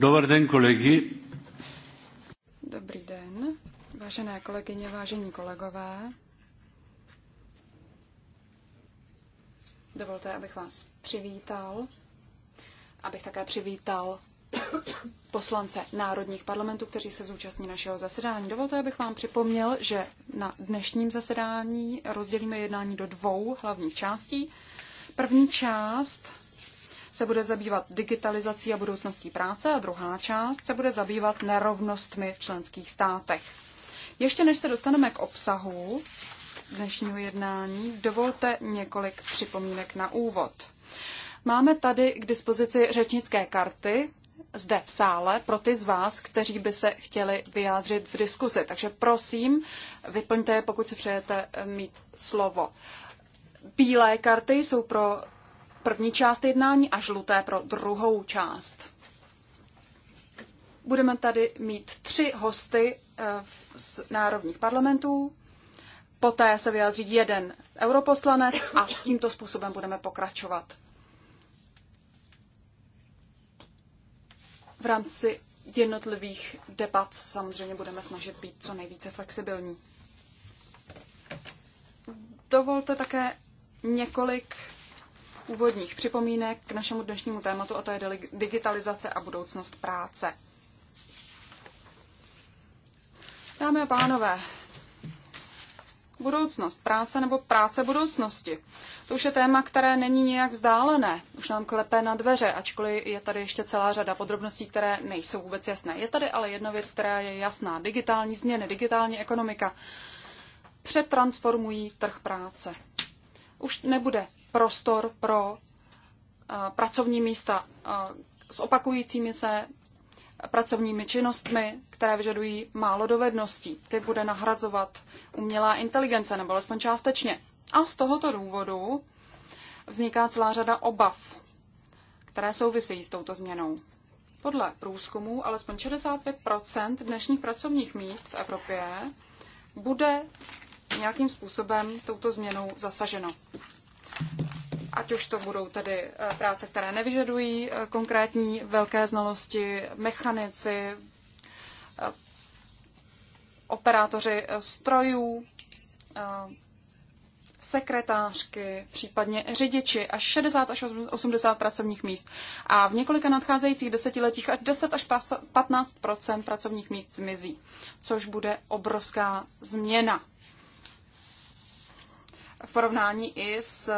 Dobrý den, kolegy. Dobrý den, vážené kolegyně, vážení kolegové. Dovolte, abych vás přivítal, abych také přivítal poslance národních parlamentů, kteří se zúčastní našeho zasedání. Dovolte, abych vám připomněl, že na dnešním zasedání rozdělíme jednání do dvou hlavních částí. První část se bude zabývat digitalizací a budoucností práce a druhá část se bude zabývat nerovnostmi v členských státech. Ještě než se dostaneme k obsahu dnešního jednání, dovolte několik připomínek na úvod. Máme tady k dispozici řečnické karty zde v sále pro ty z vás, kteří by se chtěli vyjádřit v diskuzi. Takže prosím, vyplňte je, pokud si přejete mít slovo. Bílé karty jsou pro první část jednání a žluté pro druhou část. Budeme tady mít tři hosty eh, z národních parlamentů, poté se vyjádří jeden europoslanec a tímto způsobem budeme pokračovat. V rámci jednotlivých debat samozřejmě budeme snažit být co nejvíce flexibilní. Dovolte také několik úvodních připomínek k našemu dnešnímu tématu, a to je digitalizace a budoucnost práce. Dámy a pánové, budoucnost práce nebo práce budoucnosti. To už je téma, které není nijak vzdálené. Už nám klepe na dveře, ačkoliv je tady ještě celá řada podrobností, které nejsou vůbec jasné. Je tady ale jedna věc, která je jasná. Digitální změny, digitální ekonomika přetransformují trh práce. Už nebude prostor pro eh, pracovní místa eh, s opakujícími se pracovními činnostmi, které vyžadují málo dovedností. Ty bude nahrazovat umělá inteligence, nebo alespoň částečně. A z tohoto důvodu vzniká celá řada obav, které souvisejí s touto změnou. Podle průzkumu alespoň 65 dnešních pracovních míst v Evropě bude nějakým způsobem touto změnou zasaženo ať už to budou tedy eh, práce, které nevyžadují eh, konkrétní velké znalosti, mechanici, eh, operátoři strojů, sekretářky, případně řidiči až 60 až 80 pracovních míst. A v několika nadcházejících desetiletích až 10 až 15 pracovních míst zmizí, což bude obrovská změna v porovnání i s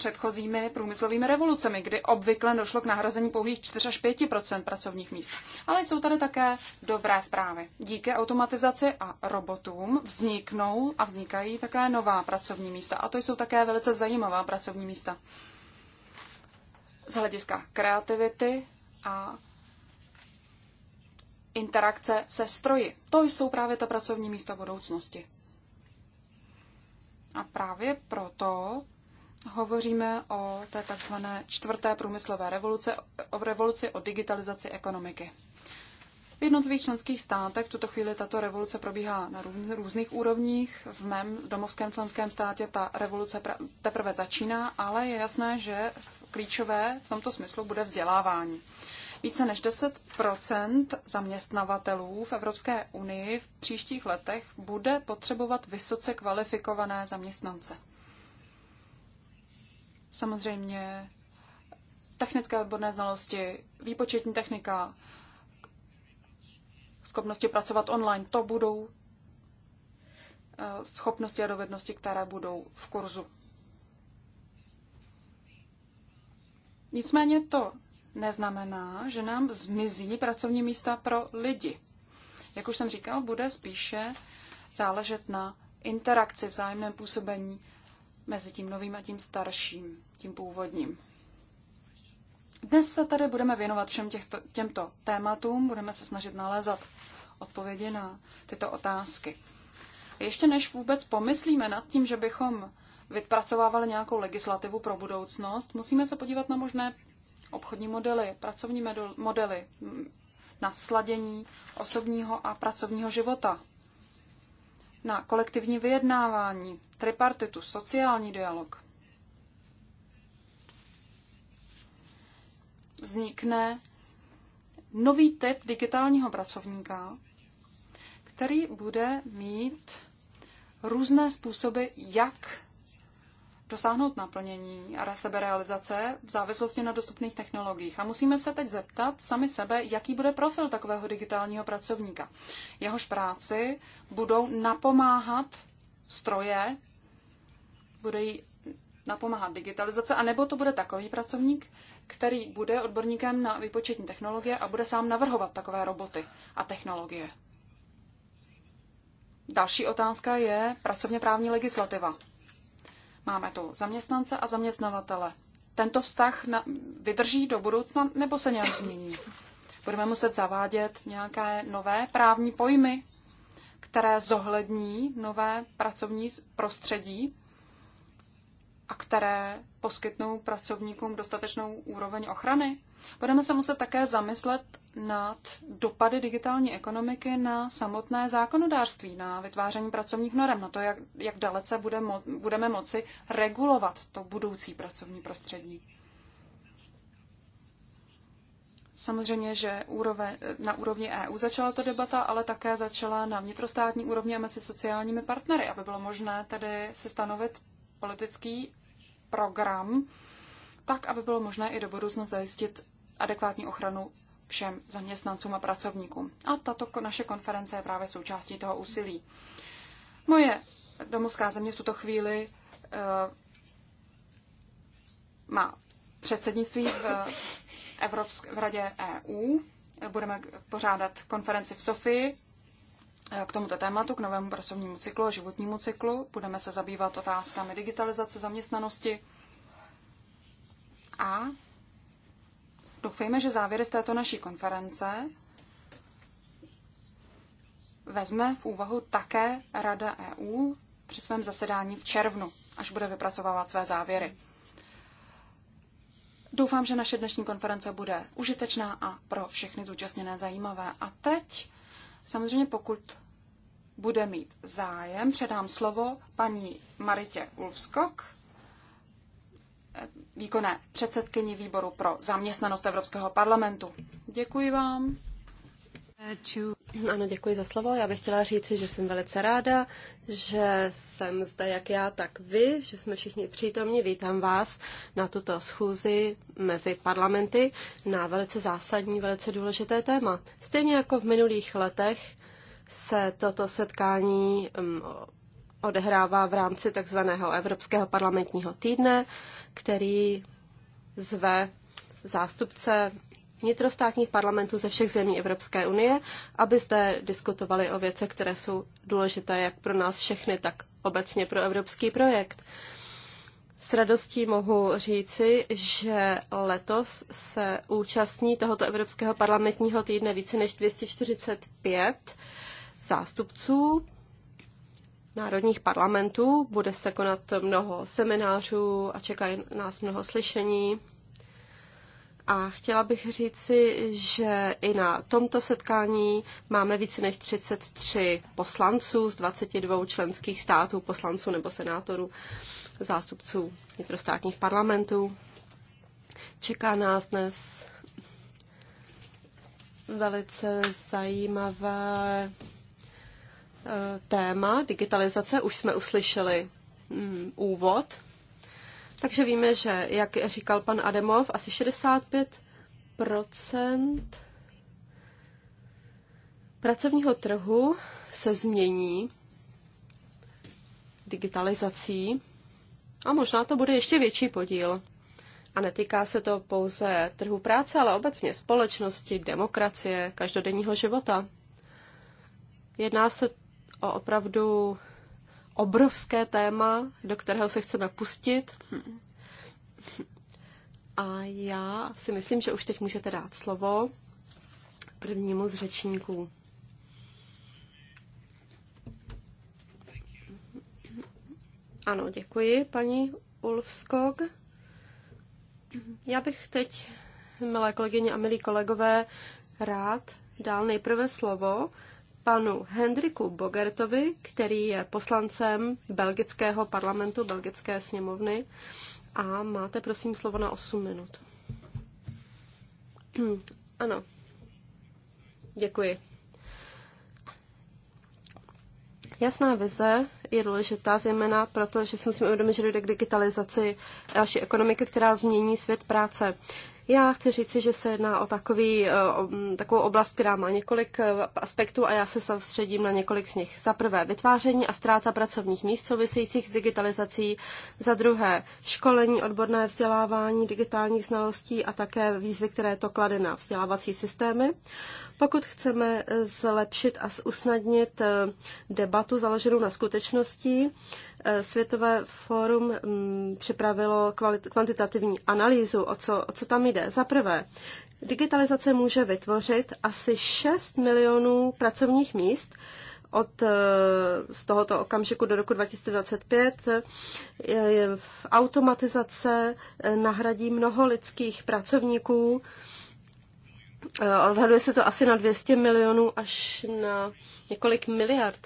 předchozími průmyslovými revolucemi, kdy obvykle došlo k nahrazení pouhých 4 až 5 pracovních míst. Ale jsou tady také dobré zprávy. Díky automatizaci a robotům vzniknou a vznikají také nová pracovní místa. A to jsou také velice zajímavá pracovní místa. Z hlediska kreativity a interakce se stroji. To jsou právě ta pracovní místa budoucnosti. A právě proto hovoříme o té takzvané čtvrté průmyslové revoluce, o revoluci o digitalizaci ekonomiky. V jednotlivých členských státech v tuto chvíli tato revoluce probíhá na různých úrovních. V mém domovském členském státě ta revoluce teprve začíná, ale je jasné, že klíčové v tomto smyslu bude vzdělávání. Více než 10 zaměstnavatelů v Evropské unii v příštích letech bude potřebovat vysoce kvalifikované zaměstnance samozřejmě technické odborné znalosti, výpočetní technika, schopnosti pracovat online, to budou eh, schopnosti a dovednosti, které budou v kurzu. Nicméně to neznamená, že nám zmizí pracovní místa pro lidi. Jak už jsem říkal, bude spíše záležet na interakci, vzájemném působení mezi tím novým a tím starším, tím původním. Dnes se tady budeme věnovat všem těchto, těmto tématům, budeme se snažit nalézat odpovědi na tyto otázky. Ještě než vůbec pomyslíme nad tím, že bychom vypracovávali nějakou legislativu pro budoucnost, musíme se podívat na možné obchodní modely, pracovní modely, na sladění osobního a pracovního života na kolektivní vyjednávání, tripartitu, sociální dialog. Vznikne nový typ digitálního pracovníka, který bude mít různé způsoby, jak dosáhnout naplnění a seberealizace v závislosti na dostupných technologiích. A musíme se teď zeptat sami sebe, jaký bude profil takového digitálního pracovníka. Jehož práci budou napomáhat stroje, bude jí napomáhat digitalizace, anebo to bude takový pracovník, který bude odborníkem na výpočetní technologie a bude sám navrhovat takové roboty a technologie. Další otázka je pracovně právní legislativa. Máme tu zaměstnance a zaměstnavatele. Tento vztah na, vydrží do budoucna nebo se nějak změní? Budeme muset zavádět nějaké nové právní pojmy, které zohlední nové pracovní prostředí a které poskytnou pracovníkům dostatečnou úroveň ochrany? Budeme se muset také zamyslet nad dopady digitální ekonomiky na samotné zákonodárství, na vytváření pracovních norm, na to, jak, jak dalece bude mo- budeme moci regulovat to budoucí pracovní prostředí. Samozřejmě, že úrove, na úrovni EU začala ta debata, ale také začala na vnitrostátní úrovni a mezi sociálními partnery, aby bylo možné tedy si stanovit politický program, tak, aby bylo možné i do budoucna zajistit adekvátní ochranu všem zaměstnancům a pracovníkům. A tato naše konference je právě součástí toho úsilí. Moje domovská země v tuto chvíli eh, má předsednictví v, Evropsk- v Radě EU. Budeme pořádat konferenci v Sofii eh, k tomuto tématu, k novému pracovnímu cyklu a životnímu cyklu. Budeme se zabývat otázkami digitalizace, zaměstnanosti a Doufejme, že závěry z této naší konference vezme v úvahu také Rada EU při svém zasedání v červnu, až bude vypracovávat své závěry. Doufám, že naše dnešní konference bude užitečná a pro všechny zúčastněné zajímavé. A teď, samozřejmě pokud bude mít zájem, předám slovo paní Maritě Ulfskok, výkonné předsedkyni výboru pro zaměstnanost Evropského parlamentu. Děkuji vám. Ano, děkuji za slovo. Já bych chtěla říci, že jsem velice ráda, že jsem zde jak já, tak vy, že jsme všichni přítomní. Vítám vás na tuto schůzi mezi parlamenty na velice zásadní, velice důležité téma. Stejně jako v minulých letech se toto setkání mm, odehrává v rámci takzvaného Evropského parlamentního týdne, který zve zástupce vnitrostátních parlamentů ze všech zemí Evropské unie, aby zde diskutovali o věcech, které jsou důležité jak pro nás všechny, tak obecně pro evropský projekt. S radostí mohu říci, že letos se účastní tohoto Evropského parlamentního týdne více než 245 zástupců národních parlamentů. Bude se konat mnoho seminářů a čeká nás mnoho slyšení. A chtěla bych říci, že i na tomto setkání máme více než 33 poslanců z 22 členských států, poslanců nebo senátorů, zástupců vnitrostátních parlamentů. Čeká nás dnes velice zajímavé téma digitalizace už jsme uslyšeli mm, úvod, takže víme, že, jak říkal pan Ademov, asi 65 pracovního trhu se změní digitalizací a možná to bude ještě větší podíl. A netýká se to pouze trhu práce, ale obecně společnosti, demokracie, každodenního života. Jedná se o opravdu obrovské téma, do kterého se chceme pustit. A já si myslím, že už teď můžete dát slovo prvnímu z řečníků. Ano, děkuji, paní Ulfskog. Já bych teď, milé kolegyně a milí kolegové, rád dal nejprve slovo panu Hendriku Bogertovi, který je poslancem belgického parlamentu, belgické sněmovny. A máte prosím slovo na 8 minut. ano. Děkuji. Jasná vize je důležitá, zejména protože že si musíme uvědomit, že dojde k digitalizaci další ekonomiky, která změní svět práce. Já chci říci, že se jedná o takový, eh, mm, takovou oblast, která má několik eh, aspektů a já se soustředím na několik z nich. Za prvé vytváření a ztráta pracovních míst souvisejících s digitalizací, za druhé školení, odborné vzdělávání digitálních znalostí a také výzvy, které to klade na vzdělávací systémy. Pokud chceme eh, zlepšit a usnadnit eh, debatu založenou na skutečnosti, eh, Světové fórum mm, připravilo kvantitativní analýzu, o co, o co tam jde. Za prvé, digitalizace může vytvořit asi 6 milionů pracovních míst, od z tohoto okamžiku do roku 2025 automatizace nahradí mnoho lidských pracovníků Eh, odhaduje se to asi na 200 milionů až na několik miliard.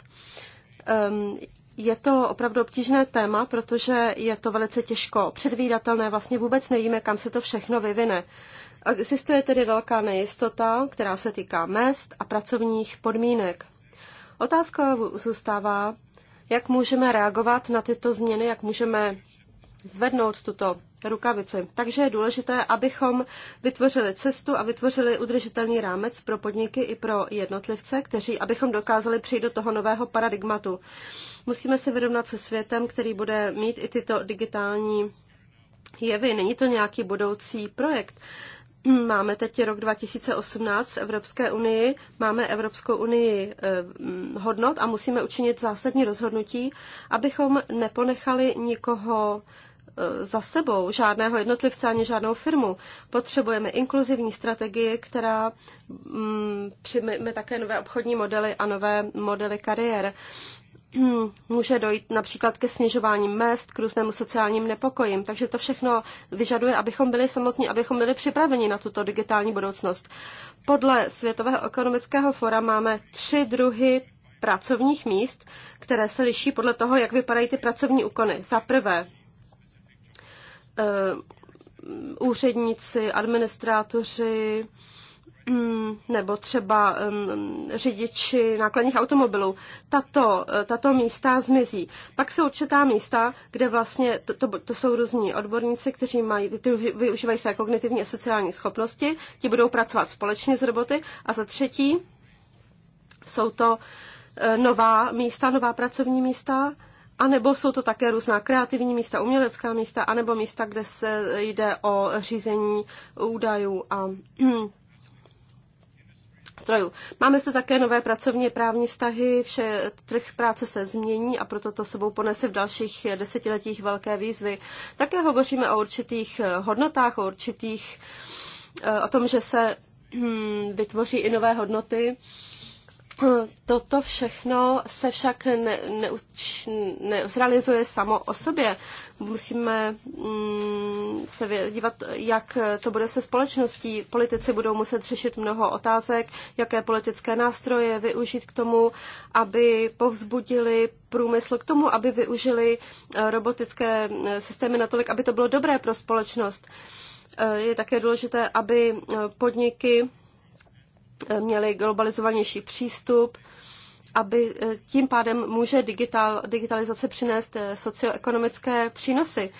Ehm, je to opravdu obtížné téma, protože je to velice těžko předvídatelné, vlastně vůbec nevíme, kam se to všechno vyvine. Existuje tedy velká nejistota, která se týká mest a pracovních podmínek. Otázka zůstává, jak můžeme reagovat na tyto změny, jak můžeme zvednout tuto rukavici. Takže je důležité, abychom vytvořili cestu a vytvořili udržitelný rámec pro podniky i pro jednotlivce, kteří, abychom dokázali přijít do toho nového paradigmatu. Musíme se vyrovnat se světem, který bude mít i tyto digitální jevy. Není to nějaký budoucí projekt. Máme teď rok 2018 v Evropské unii, máme Evropskou unii eh, hodnot a musíme učinit zásadní rozhodnutí, abychom neponechali nikoho Eh, za sebou žádného jednotlivce ani žádnou firmu. Potřebujeme inkluzivní strategii, která mm, přijme také nové obchodní modely a nové modely kariér. Hmm, může dojít například ke snižování mest, k různému sociálním nepokojím. Takže to všechno vyžaduje, abychom byli samotní, abychom byli připraveni na tuto digitální budoucnost. Podle Světového ekonomického fora máme tři druhy pracovních míst, které se liší podle toho, jak vypadají ty pracovní úkony. Za prvé, Eh, úředníci, administrátoři mm, nebo třeba mm, řidiči nákladních automobilů. Tato, eh, tato místa zmizí. Pak jsou určitá místa, kde vlastně to, to, to jsou různí odborníci, kteří mají, využívají své kognitivní a sociální schopnosti, ti budou pracovat společně s roboty a za třetí jsou to eh, nová místa, nová pracovní místa, a nebo jsou to také různá kreativní místa, umělecká místa, anebo místa, kde se jde o řízení údajů a strojů. Máme se také nové pracovně právní vztahy, vše trh práce se změní a proto to sebou ponese v dalších desetiletích velké výzvy. Také hovoříme o určitých hodnotách, o určitých, eh, o tom, že se hm, vytvoří i nové hodnoty. Toto všechno se však ne, neuč, nezrealizuje samo o sobě. Musíme mm, se dívat, jak to bude se společností. Politici budou muset řešit mnoho otázek, jaké politické nástroje využít k tomu, aby povzbudili průmysl k tomu, aby využili eh, robotické eh, systémy natolik, aby to bylo dobré pro společnost. Eh, je také důležité, aby podniky měli globalizovanější přístup, aby eh, tím pádem může digital, digitalizace přinést eh, socioekonomické přínosy.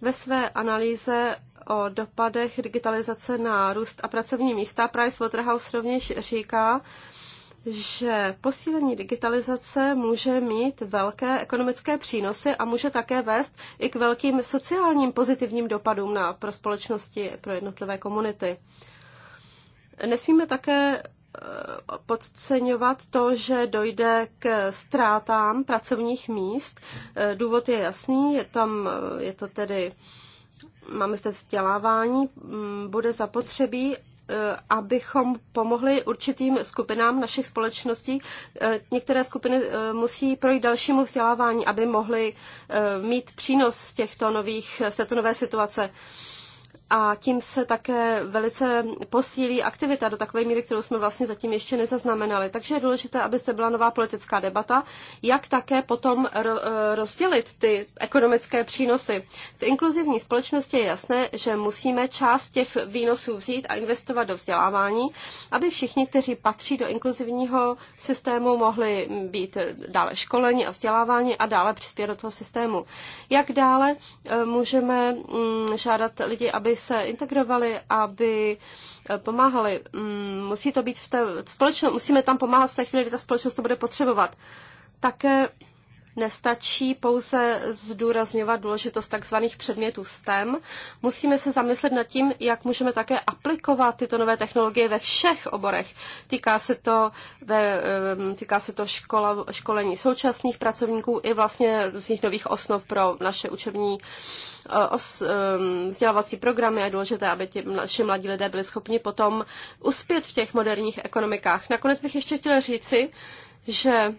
Ve své analýze o dopadech digitalizace na růst a pracovní místa Price Waterhouse rovněž říká, že posílení digitalizace může mít velké ekonomické přínosy a může také vést i k velkým sociálním pozitivním dopadům na, pro společnosti, pro jednotlivé komunity. Nesmíme také eh, podceňovat to, že dojde k ztrátám pracovních míst. Eh, důvod je jasný, je tam, eh, je to tedy, máme zde vzdělávání, mm, bude zapotřebí abychom pomohli určitým skupinám našich společností. Některé skupiny musí projít dalšímu vzdělávání, aby mohly mít přínos z těchto nových, z této nové situace a tím se také velice posílí aktivita do takové míry, kterou jsme vlastně zatím ještě nezaznamenali. Takže je důležité, abyste byla nová politická debata, jak také potom rozdělit ty ekonomické přínosy. V inkluzivní společnosti je jasné, že musíme část těch výnosů vzít a investovat do vzdělávání, aby všichni, kteří patří do inkluzivního systému, mohli být dále školeni a vzdělávání a dále přispět do toho systému. Jak dále eh, můžeme mm, žádat lidi, aby se integrovali, aby eh, pomáhali. Mm, musí to být v té společnosti, musíme tam pomáhat v té chvíli, kdy ta společnost to bude potřebovat. Také Nestačí pouze zdůrazňovat důležitost tzv. předmětů STEM. Musíme se zamyslet nad tím, jak můžeme také aplikovat tyto nové technologie ve všech oborech. Týká se to, ve, týká se to škola, školení současných pracovníků i vlastně různých nových osnov pro naše učební e, os, vzdělávací programy. A je důležité, aby ti naši mladí lidé byli schopni potom uspět v těch moderních ekonomikách. Nakonec bych ještě chtěla říci, že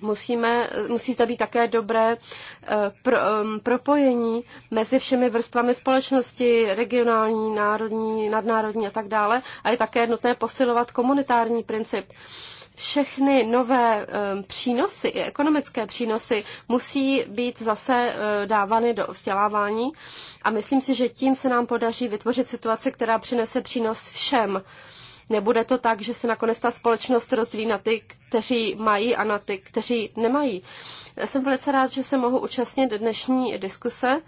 Musíme, musí zde být také dobré eh, pro, um, propojení mezi všemi vrstvami společnosti, regionální, národní, nadnárodní a tak dále. A je také nutné posilovat komunitární princip. Všechny nové um, přínosy, i ekonomické přínosy, musí být zase uh, dávány do vzdělávání. A myslím si, že tím se nám podaří vytvořit situaci, která přinese přínos všem. Uh, Nebude to tak, že se nakonec ta společnost rozdělí na ty, kteří mají a na ty, kteří nemají. Já jsem velice rád, že se mohu účastnit dnešní diskuse.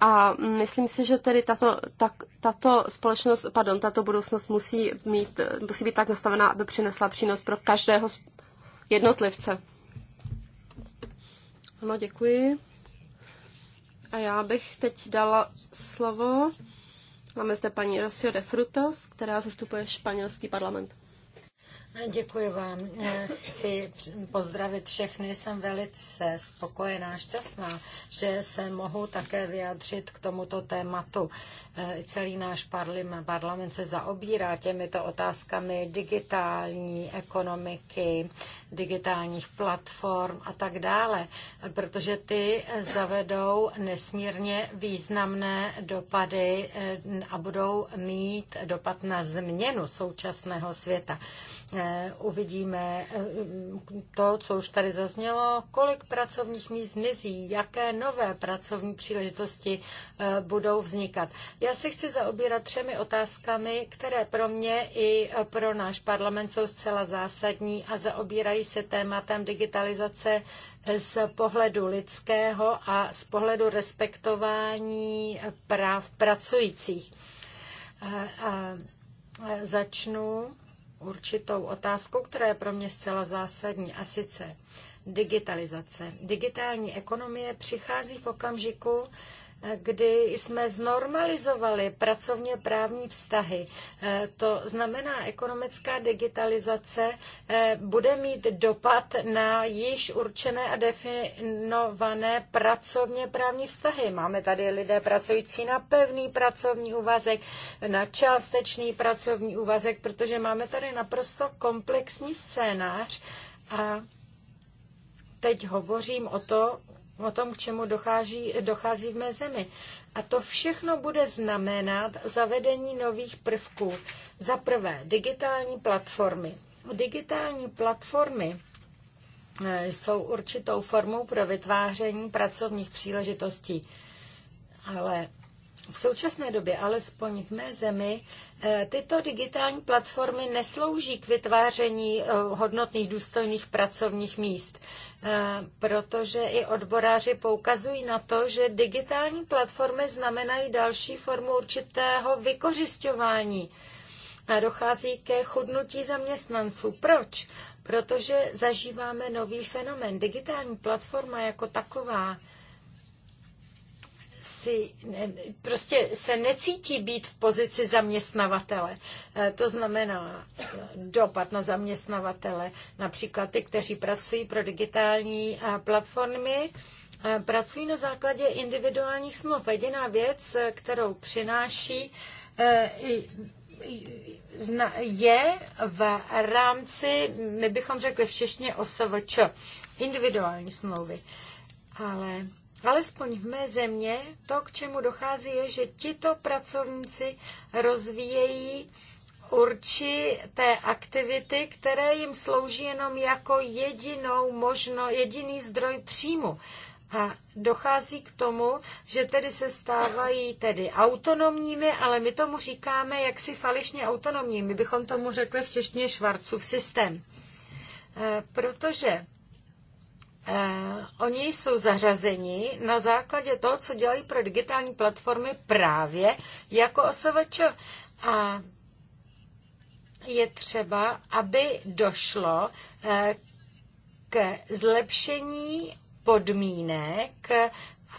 A myslím si, že tedy tato, ta, tato společnost, pardon, tato budoucnost musí, mít, musí být tak nastavená, aby přinesla přínos pro každého jednotlivce. Ano, děkuji. A já bych teď dala slovo Máme zde paní Rosio de Frutos, která zastupuje španělský parlament. Děkuji vám. Chci pozdravit všechny. Jsem velice spokojená, šťastná, že se mohu také vyjádřit k tomuto tématu. E, celý náš parlament se zaobírá těmito otázkami digitální ekonomiky, digitálních platform a tak dále, protože ty zavedou nesmírně významné dopady eh, a budou mít dopad na změnu současného světa. Eh, uvidíme eh, to, co už tady zaznělo, kolik pracovních míst zmizí, jaké nové pracovní příležitosti budou vznikat. Já se chci zaobírat třemi otázkami, které pro mě i pro náš parlament jsou zcela zásadní a zaobírají zabývají se tématem digitalizace z pohledu lidského a z pohledu respektování práv pracujících. A začnu určitou otázkou, která je pro mě zcela zásadní, a sice digitalizace. Digitální ekonomie přichází v okamžiku, kdy jsme znormalizovali pracovně právní vztahy. Eh, to znamená, ekonomická digitalizace eh, bude mít dopad na již určené a definované pracovně právní vztahy. Máme tady lidé pracující na pevný pracovní úvazek, na částečný pracovní úvazek, protože máme tady naprosto komplexní scénář a teď hovořím o to, o tom, k čemu dochází, dochází v mé zemi. A to všechno bude znamenat zavedení nových prvků. Za prvé, digitální platformy. Digitální platformy eh, jsou určitou formou pro vytváření pracovních příležitostí. Ale v současné době, alespoň v mé zemi, eh, tyto digitální platformy neslouží k vytváření eh, hodnotných důstojných pracovních míst, eh, protože i odboráři poukazují na to, že digitální platformy znamenají další formu určitého vykořišťování a dochází ke chudnutí zaměstnanců. Proč? Protože zažíváme nový fenomen. Digitální platforma jako taková si prostě se necítí být v pozici zaměstnavatele. E, to znamená e, dopad na zaměstnavatele, například ty, kteří pracují pro digitální e, platformy, pracují na základě individuálních smluv. Jediná věc, kterou přináší je v rámci, my bychom řekli všechny češtině OSVČ, individuální smlouvy. Ale Alespoň v mé země to, k čemu dochází, je, že tito pracovníci rozvíjejí určité aktivity, které jim slouží jenom jako jedinou možno, jediný zdroj příjmu. A dochází k tomu, že tedy se stávají tedy autonomními, ale my tomu říkáme jaksi falešně autonomní. My bychom tomu řekli v češtině švarcův systém. E, protože Eh, oni jsou zařazeni na základě toho, co dělají pro digitální platformy právě jako OSVČ. A je třeba, aby došlo eh, k zlepšení podmínek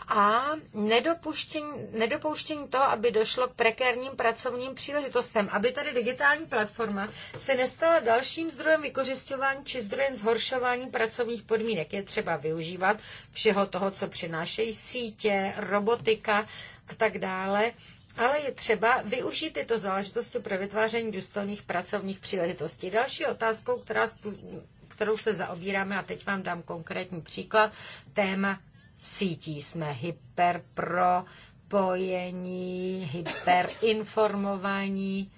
a nedopuštění, nedopouštění toho, aby došlo k prekérním pracovním příležitostem, aby tady digitální platforma se nestala dalším zdrojem vykořišťování či zdrojem zhoršování pracovních podmínek. Je třeba využívat všeho toho, co přinášejí sítě, robotika a tak dále, ale je třeba využít tyto záležitosti pro vytváření důstojných pracovních příležitostí. Další otázkou, která, kterou se zaobíráme, a teď vám dám konkrétní příklad, téma sítí. Jsme hyperpropojení, hyperinformovaní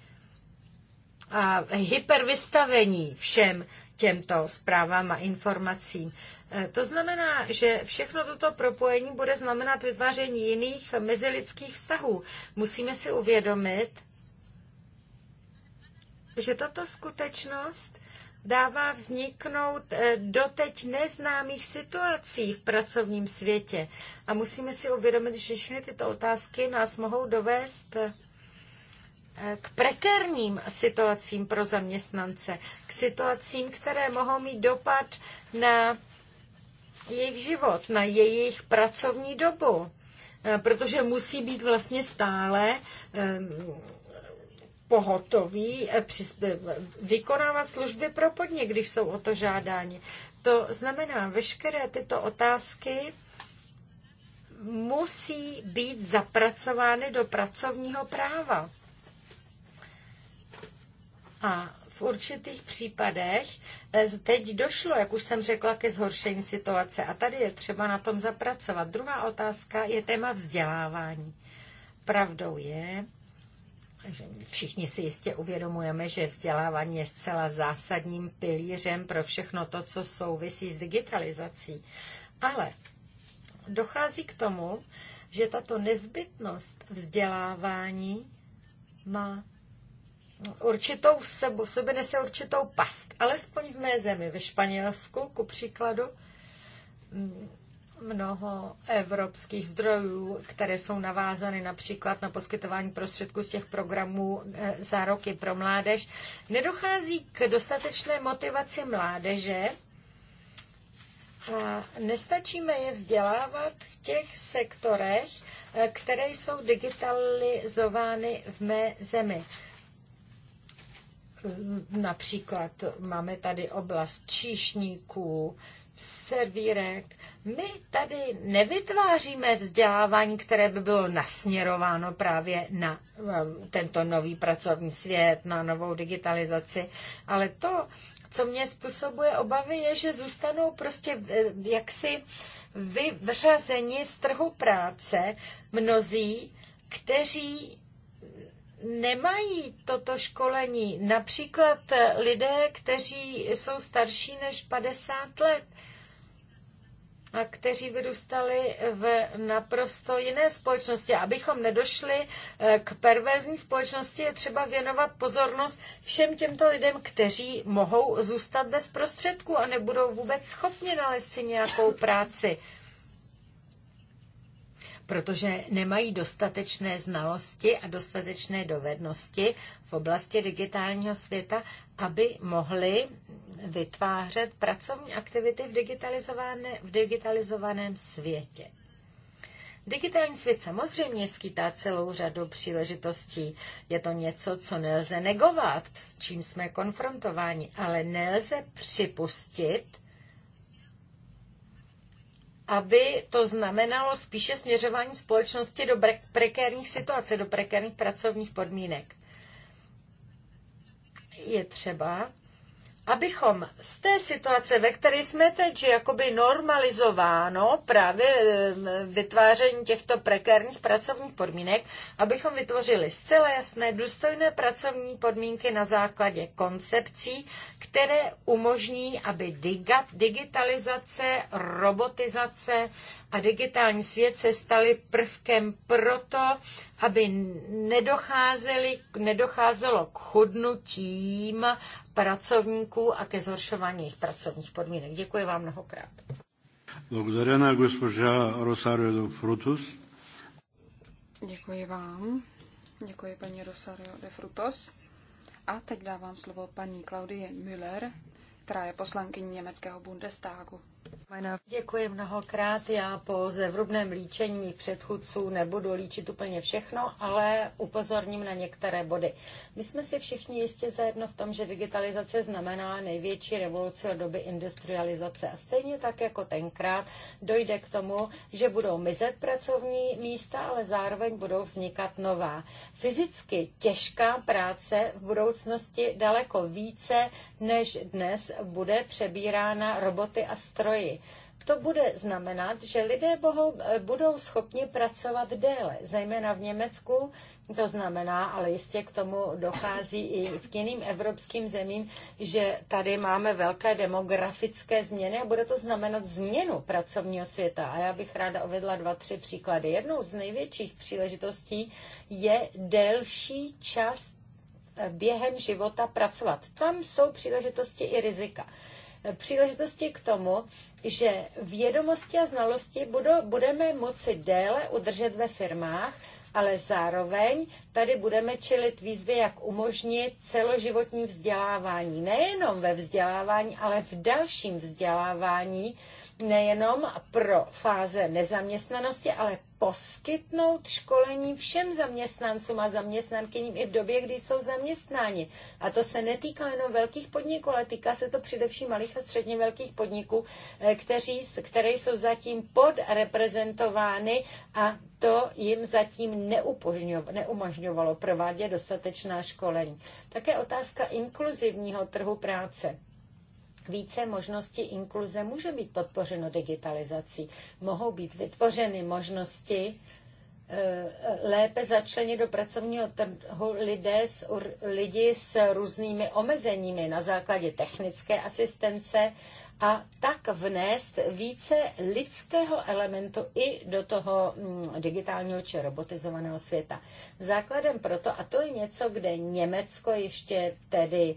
a hypervystavení všem těmto zprávám a informacím. Eh, to znamená, že všechno toto propojení bude znamenat vytváření jiných mezilidských vztahů. Musíme si uvědomit, že tato skutečnost dává vzniknout eh, doteď neznámých situací v pracovním světě. A musíme si uvědomit, že všechny tyto otázky nás mohou dovést eh, k prekérním situacím pro zaměstnance, k situacím, které mohou mít dopad na jejich život, na jejich pracovní dobu, eh, protože musí být vlastně stále pohotoví eh, eh, vykonávat služby pro podnik, když jsou o to žádáni. To znamená, veškeré tyto otázky musí být zapracovány do pracovního práva. A v určitých případech eh, teď došlo, jak už jsem řekla, ke zhoršení situace a tady je třeba na tom zapracovat. Druhá otázka je téma vzdělávání. Pravdou je, Všichni si jistě uvědomujeme, že vzdělávání je zcela zásadním pilířem pro všechno to, co souvisí s digitalizací. Ale dochází k tomu, že tato nezbytnost vzdělávání má určitou v, sebu, v sobě nese určitou past. Alespoň v mé zemi, ve Španělsku, ku příkladu, mnoho evropských zdrojů, které jsou navázány například na poskytování prostředků z těch programů eh, za roky pro mládež, nedochází k dostatečné motivaci mládeže a nestačíme je vzdělávat v těch sektorech, eh, které jsou digitalizovány v mé zemi. Například máme tady oblast číšníků, servírek. My tady nevytváříme vzdělávání, které by bylo nasměrováno právě na um, tento nový pracovní svět, na novou digitalizaci, ale to, co mě způsobuje obavy, je, že zůstanou prostě eh, jaksi vyvřazeni z trhu práce mnozí, kteří nemají toto školení. Například eh, lidé, kteří jsou starší než 50 let a kteří vyrůstali v naprosto jiné společnosti. Abychom nedošli eh, k perverzní společnosti, je třeba věnovat pozornost všem těmto lidem, kteří mohou zůstat bez prostředků a nebudou vůbec schopni nalézt si nějakou práci protože nemají dostatečné znalosti a dostatečné dovednosti v oblasti digitálního světa aby mohli vytvářet pracovní aktivity v, digitalizované, v digitalizovaném světě. Digitální svět samozřejmě skýtá celou řadu příležitostí. Je to něco, co nelze negovat, s čím jsme konfrontováni, ale nelze připustit, aby to znamenalo spíše směřování společnosti do prekérních situací, do prekérních pracovních podmínek je třeba abychom z té situace, ve které jsme teď, že jakoby normalizováno právě vytváření těchto prekérních pracovních podmínek, abychom vytvořili zcela jasné, důstojné pracovní podmínky na základě koncepcí, které umožní, aby digitalizace, robotizace a digitální svět se staly prvkem proto, aby nedocházeli, nedocházelo k chudnutím pracovníků a ke zhoršování jejich pracovních podmínek. Děkuji vám mnohokrát. Благодарена госпожа Росарио Фрутус. Děkuji vám. Děkuji paní Rosario de Frutos. A teď dávám slovo paní Klaudie Müller, která je poslankyní německého Bundestagu. Děkuji mnohokrát. Já po zevrubném líčení mých předchůdců nebudu líčit úplně všechno, ale upozorním na některé body. My jsme si všichni jistě zajedno v tom, že digitalizace znamená největší revoluci od doby industrializace. A stejně tak jako tenkrát dojde k tomu, že budou mizet pracovní místa, ale zároveň budou vznikat nová. Fyzicky těžká práce v budoucnosti daleko více než dnes bude přebírána roboty a stroje stroji. To bude znamenat, že lidé bohou, eh, budou schopni pracovat déle, zejména v Německu. To znamená, ale jistě k tomu dochází i v jiným evropským zemím, že tady máme velké demografické změny a bude to znamenat změnu pracovního světa. A já bych ráda uvedla dva, tři příklady. Jednou z největších příležitostí je delší čas eh, během života pracovat. Tam jsou příležitosti i rizika příležitosti k tomu, že vědomosti a znalosti budou, budeme moci déle udržet ve firmách, ale zároveň tady budeme čelit výzvě, jak umožnit celoživotní vzdělávání. Nejenom ve vzdělávání, ale v dalším vzdělávání nejenom pro fáze nezaměstnanosti, ale poskytnout školení všem zaměstnancům a zaměstnankyním i v době, kdy jsou zaměstnáni. A to se netýká jenom velkých podniků, ale týká se to především malých a středně velkých podniků, eh, kteří, které jsou zatím podreprezentovány a to jim zatím neumožňovalo provádět dostatečná školení. Také otázka inkluzivního trhu práce více možností inkluze může být podpořeno digitalizací. Mohou být vytvořeny možnosti eh, lépe začlenit do pracovního trhu lidé s, lidi s různými omezeními na základě technické asistence a tak vnést více lidského elementu i do toho mm, digitálního či robotizovaného světa. Základem proto, a to je něco, kde Německo ještě tedy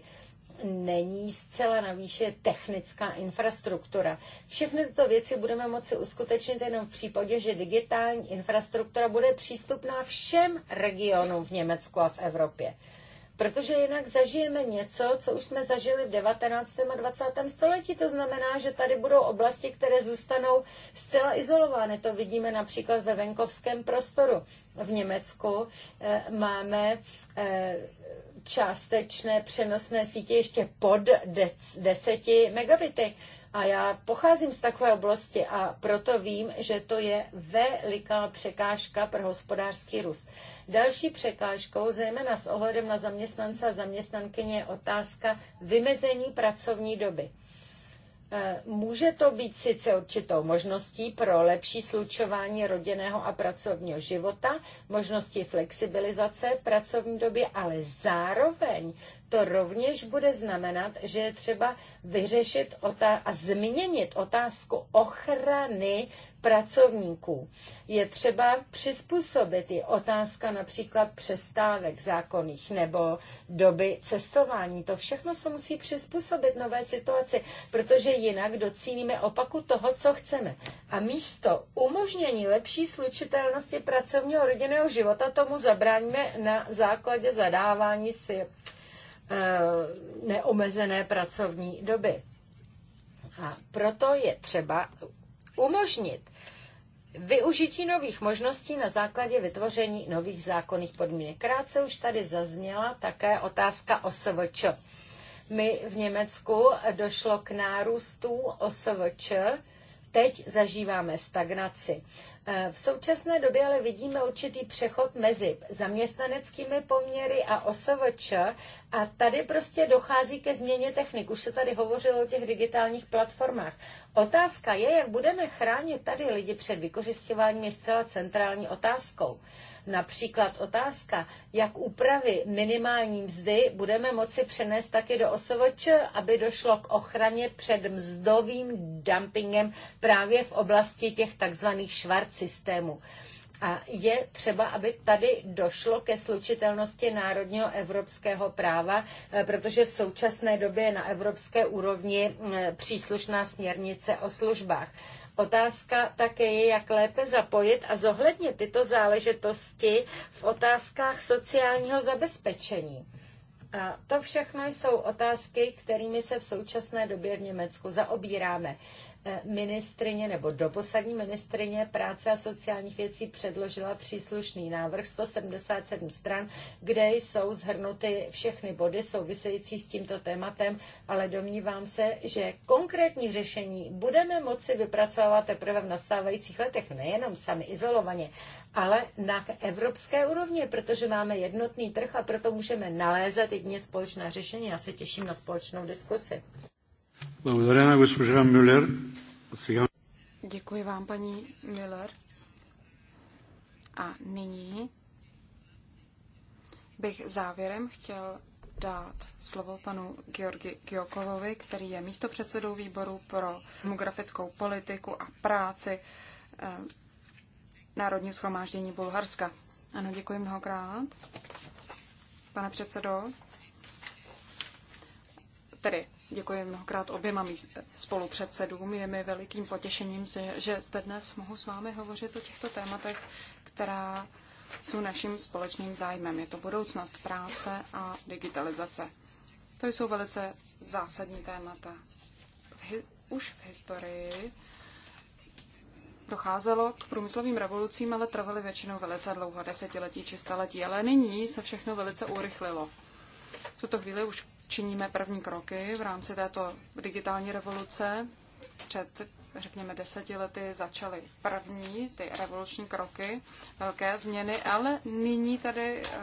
není zcela na výše technická infrastruktura. Všechny tyto věci budeme moci uskutečnit jenom v případě, že digitální infrastruktura bude přístupná všem regionům v Německu a v Evropě. Protože jinak zažijeme něco, co už jsme zažili v 19. a 20. století. To znamená, že tady budou oblasti, které zůstanou zcela izolovány. To vidíme například ve venkovském prostoru. V Německu eh, máme eh, částečné přenosné sítě ještě pod 10 megabity. A já pocházím z takové oblasti a proto vím, že to je veliká překážka pro hospodářský růst. Další překážkou, zejména s ohledem na zaměstnance a zaměstnankyně, je otázka vymezení pracovní doby. Eh, může to být sice určitou možností pro lepší slučování rodinného a pracovního života, možnosti flexibilizace pracovní doby, ale zároveň to rovněž bude znamenat, že je třeba vyřešit a změnit otázku ochrany pracovníků. Je třeba přizpůsobit i otázka například přestávek zákonných nebo doby cestování. To všechno se musí přizpůsobit nové situaci, protože jinak docílíme opaku toho, co chceme. A místo umožnění lepší slučitelnosti pracovního rodinného života tomu zabráníme na základě zadávání si Eh, neomezené pracovní doby. A proto je třeba umožnit využití nových možností na základě vytvoření nových zákonných podmínek. Krátce už tady zazněla také otázka SVČ. My v Německu došlo k nárůstu OSVČ teď zažíváme stagnaci. Eh, v současné době ale vidíme určitý přechod mezi zaměstnaneckými poměry a OSVČ a tady prostě dochází ke změně technik. Už se tady hovořilo o těch digitálních platformách. Otázka je, jak budeme chránit tady lidi před vykořišťováním je zcela centrální otázkou. Například otázka, jak úpravy minimální mzdy budeme moci přenést taky do OSVČ, aby došlo k ochraně před mzdovým dumpingem právě v oblasti těch takzvaných švart systémů. A je třeba, aby tady došlo ke slučitelnosti národního evropského práva, eh, protože v současné době na evropské úrovni eh, příslušná směrnice o službách. Otázka také je, jak lépe zapojit a zohlednit tyto záležitosti v otázkách sociálního zabezpečení. A to všechno jsou otázky, kterými se v současné době v Německu zaobíráme ministrině nebo doposadní ministrině práce a sociálních věcí předložila příslušný návrh 177 stran, kde jsou zhrnuty všechny body související s tímto tématem, ale domnívám se, že konkrétní řešení budeme moci vypracovat teprve v nastávajících letech, nejenom sami izolovaně, ale na evropské úrovni, protože máme jednotný trh a proto můžeme nalézat jedině společná řešení. Já se těším na společnou diskusi. Děkuji vám, paní Müller. A nyní bych závěrem chtěl dát slovo panu Georgi Giokovovi, který je místopředsedou výboru pro demografickou politiku a práci eh, Národního schromáždění Bulharska. Ano, děkuji mnohokrát. Pane předsedo, tedy Děkuji mnohokrát oběma spolupředsedům. Je mi velikým potěšením, že zde dnes mohu s vámi hovořit o těchto tématech, která jsou naším společným zájmem. Je to budoucnost práce a digitalizace. To jsou velice zásadní témata. Už v historii docházelo k průmyslovým revolucím, ale trvaly většinou velice dlouho, desetiletí či staletí. Ale nyní se všechno velice urychlilo. V tuto chvíli už činíme první kroky v rámci této digitální revoluce. Před, řekněme, deseti lety začaly první ty revoluční kroky, velké změny, ale nyní tady eh,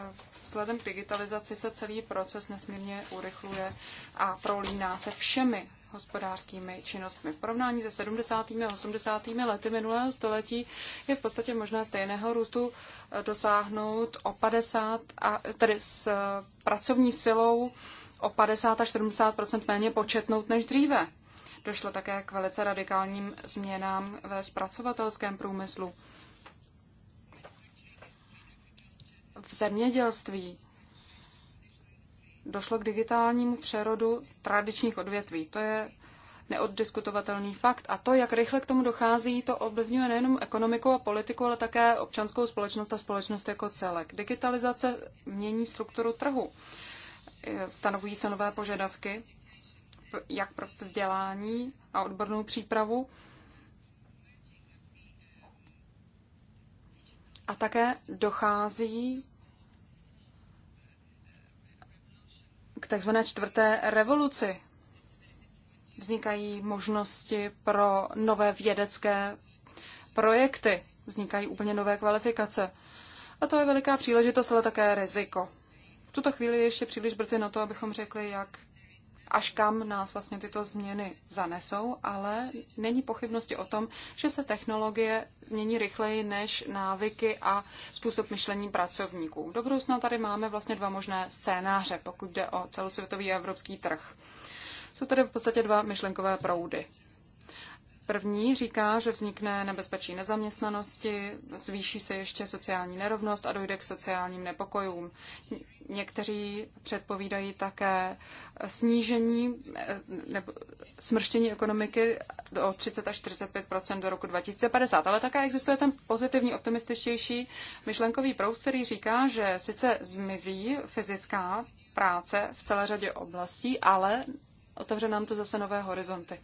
vzhledem k digitalizaci se celý proces nesmírně urychluje a prolíná se všemi hospodářskými činnostmi. V porovnání se 70. a 80. lety minulého století je v podstatě možné stejného růstu eh, dosáhnout o 50, a, tedy s eh, pracovní silou o 50 až 70 méně početnout než dříve. Došlo také k velice radikálním změnám ve zpracovatelském průmyslu. V zemědělství došlo k digitálnímu přerodu tradičních odvětví. To je neoddiskutovatelný fakt. A to, jak rychle k tomu dochází, to ovlivňuje nejenom ekonomiku a politiku, ale také občanskou společnost a společnost jako celek. Digitalizace mění strukturu trhu stanovují se nové požadavky, jak pro vzdělání a odbornou přípravu. A také dochází k takzvané čtvrté revoluci. Vznikají možnosti pro nové vědecké projekty, vznikají úplně nové kvalifikace. A to je veliká příležitost, ale také riziko. V tuto chvíli je ještě příliš brzy na to, abychom řekli, jak až kam nás vlastně tyto změny zanesou, ale není pochybnosti o tom, že se technologie mění rychleji než návyky a způsob myšlení pracovníků. Do budoucna tady máme vlastně dva možné scénáře, pokud jde o celosvětový evropský trh. Jsou tady v podstatě dva myšlenkové proudy. První říká, že vznikne nebezpečí nezaměstnanosti, zvýší se ještě sociální nerovnost a dojde k sociálním nepokojům. Někteří předpovídají také snížení eh, nebo smrštění ekonomiky o 30 až 45 do roku 2050. Ale také existuje ten pozitivní, optimističtější myšlenkový proud, který říká, že sice zmizí fyzická práce v celé řadě oblastí, ale otevře nám to zase nové horizonty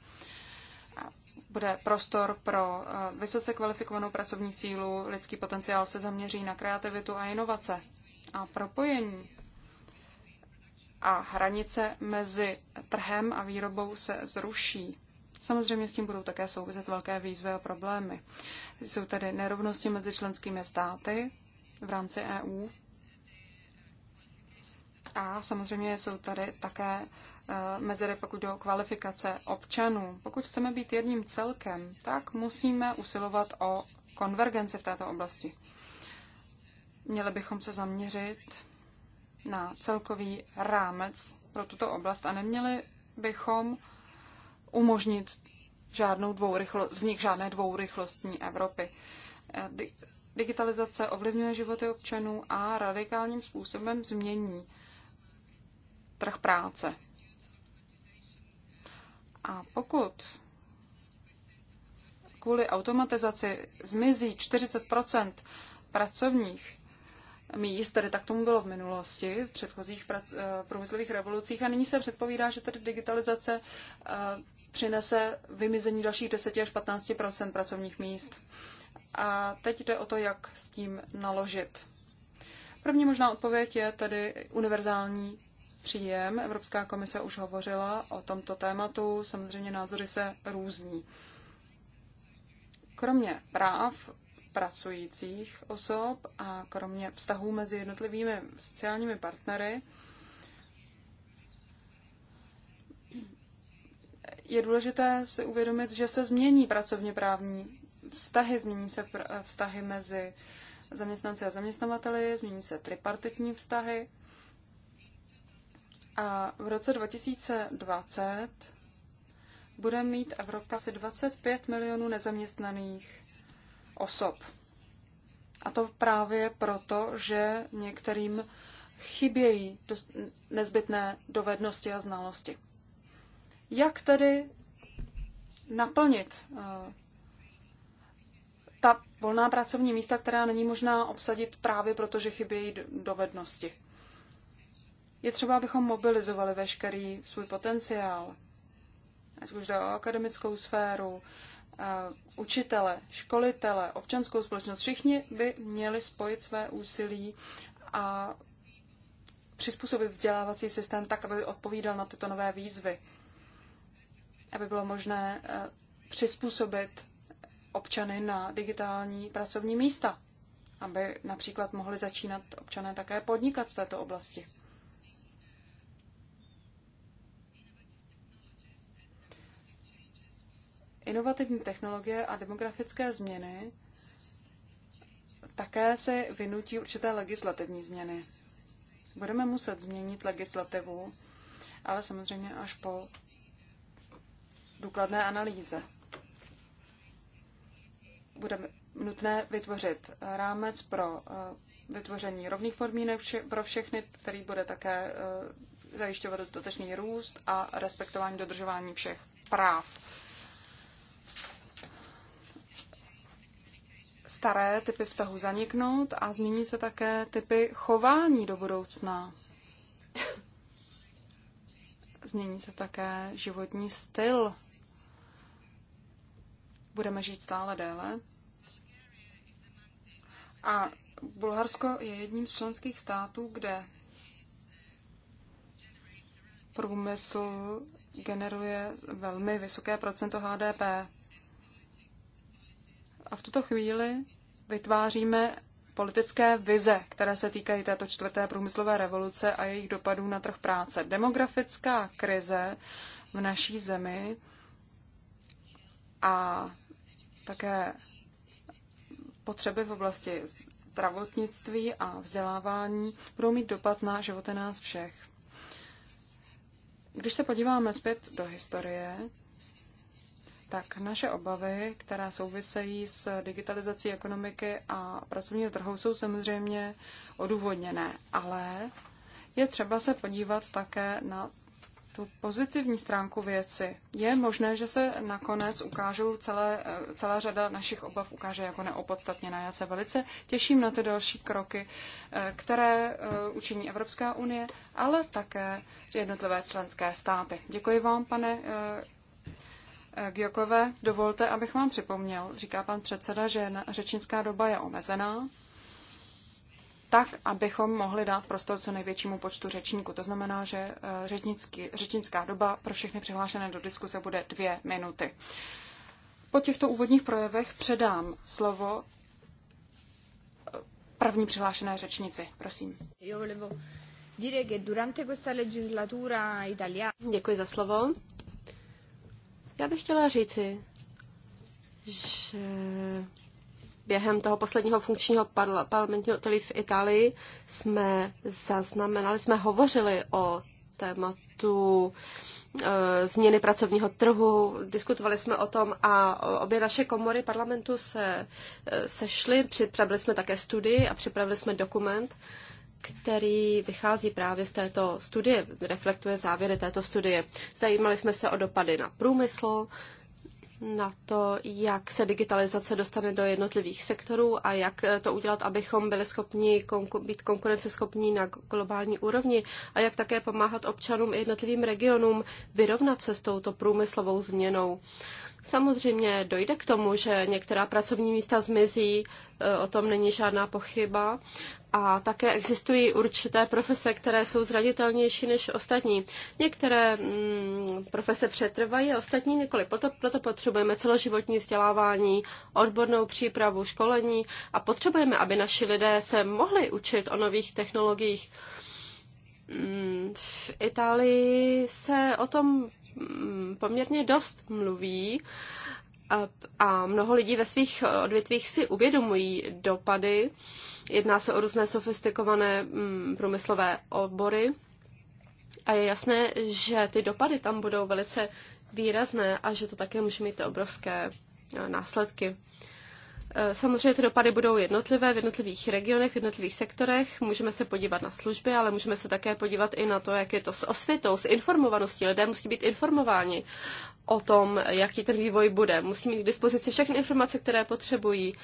bude prostor pro eh, vysoce kvalifikovanou pracovní sílu, lidský potenciál se zaměří na kreativitu a inovace a propojení. A hranice mezi trhem a výrobou se zruší. Samozřejmě s tím budou také souviset velké výzvy a problémy. Jsou tady nerovnosti mezi členskými státy v rámci EU. A samozřejmě jsou tady také Eh, mezery, pokud jde o kvalifikace občanů. Pokud chceme být jedním celkem, tak musíme usilovat o konvergenci v této oblasti. Měli bychom se zaměřit na celkový rámec pro tuto oblast a neměli bychom umožnit žádnou dvourychlo, vznik žádné dvourychlostní Evropy. Eh, digitalizace ovlivňuje životy občanů a radikálním způsobem změní trh práce. A pokud kvůli automatizaci zmizí 40 pracovních míst, tedy tak tomu bylo v minulosti, v předchozích prac, eh, průmyslových revolucích, a nyní se předpovídá, že tedy digitalizace eh, přinese vymizení dalších 10 až 15 pracovních míst. A teď jde o to, jak s tím naložit. První možná odpověď je tedy univerzální příjem. Evropská komise už hovořila o tomto tématu, samozřejmě názory se různí. Kromě práv pracujících osob a kromě vztahů mezi jednotlivými sociálními partnery je důležité si uvědomit, že se změní pracovně právní vztahy, změní se vztahy mezi zaměstnanci a zaměstnavateli, změní se tripartitní vztahy. A v roce 2020 bude mít Evropa asi 25 milionů nezaměstnaných osob. A to právě proto, že některým chybějí nezbytné dovednosti a znalosti. Jak tedy naplnit eh, ta volná pracovní místa, která není možná obsadit právě proto, že chybějí dovednosti? je třeba, abychom mobilizovali veškerý svůj potenciál, ať už jde o akademickou sféru, eh, učitele, školitele, občanskou společnost. Všichni by měli spojit své úsilí a přizpůsobit vzdělávací systém tak, aby odpovídal na tyto nové výzvy, aby bylo možné eh, přizpůsobit občany na digitální pracovní místa, aby například mohli začínat občané také podnikat v této oblasti. Inovativní technologie a demografické změny také se vynutí určité legislativní změny. Budeme muset změnit legislativu, ale samozřejmě až po důkladné analýze. Bude nutné vytvořit rámec pro eh, vytvoření rovných podmínek pro všechny, který bude také eh, zajišťovat dostatečný růst a respektování dodržování všech práv. staré typy vztahu zaniknout a změní se také typy chování do budoucna. Změní se také životní styl. Budeme žít stále déle. A Bulharsko je jedním z členských států, kde průmysl generuje velmi vysoké procento HDP. A v tuto chvíli vytváříme politické vize, které se týkají této čtvrté průmyslové revoluce a jejich dopadů na trh práce. Demografická krize v naší zemi a také potřeby v oblasti zdravotnictví a vzdělávání budou mít dopad na životy nás všech. Když se podíváme zpět do historie, tak naše obavy, které souvisejí s digitalizací ekonomiky a pracovního trhu, jsou samozřejmě odůvodněné. Ale je třeba se podívat také na tu pozitivní stránku věci. Je možné, že se nakonec ukážou celé, celá řada našich obav ukáže jako neopodstatněná. Já se velice těším na ty další kroky, které eh, učiní Evropská unie, ale také jednotlivé členské státy. Děkuji vám, pane eh, Gjokové, dovolte, abych vám připomněl, říká pan předseda, že řečnická doba je omezená, tak, abychom mohli dát prostor co největšímu počtu řečníků. To znamená, že eh, řečnický, řečnická doba pro všechny přihlášené do diskuse bude dvě minuty. Po těchto úvodních projevech předám slovo eh, první přihlášené řečnici. Prosím. Děkuji za slovo. Já bych chtěla říci, že během toho posledního funkčního parlamentního hotelu v Itálii jsme zaznamenali, jsme hovořili o tématu e, změny pracovního trhu, diskutovali jsme o tom a obě naše komory parlamentu se e, sešly, připravili jsme také studii a připravili jsme dokument, e, který vychází právě z této studie, reflektuje závěry této studie. Zajímali jsme se o dopady na průmysl, na to, jak se digitalizace dostane do jednotlivých sektorů a jak to udělat, abychom byli schopni konku- být konkurenceschopní na globální úrovni a jak také pomáhat občanům i jednotlivým regionům vyrovnat se s touto průmyslovou změnou. Samozřejmě dojde k tomu, že některá pracovní místa zmizí, e, o tom není žádná pochyba. A také existují určité profese, které jsou zranitelnější než ostatní. Některé mm, profese přetrvají ostatní nikoli. Proto, proto potřebujeme celoživotní vzdělávání, odbornou přípravu, školení a potřebujeme, aby naši lidé se mohli učit o nových technologiích. Mm, v Itálii se o tom Mm, poměrně dost mluví a mnoho lidí ve svých odvětvích si uvědomují dopady. Jedná se o různé sofistikované mm, průmyslové obory a je jasné, že ty dopady tam budou velice výrazné a že to také může mít obrovské e, následky. Eh, samozřejmě ty dopady budou jednotlivé v jednotlivých regionech, v jednotlivých sektorech. Můžeme se podívat na služby, ale můžeme se také podívat i na to, jak je to s osvětou, s informovaností. Lidé musí být informováni o tom, jaký ten vývoj bude. Musí mít k dispozici všechny informace, které potřebují.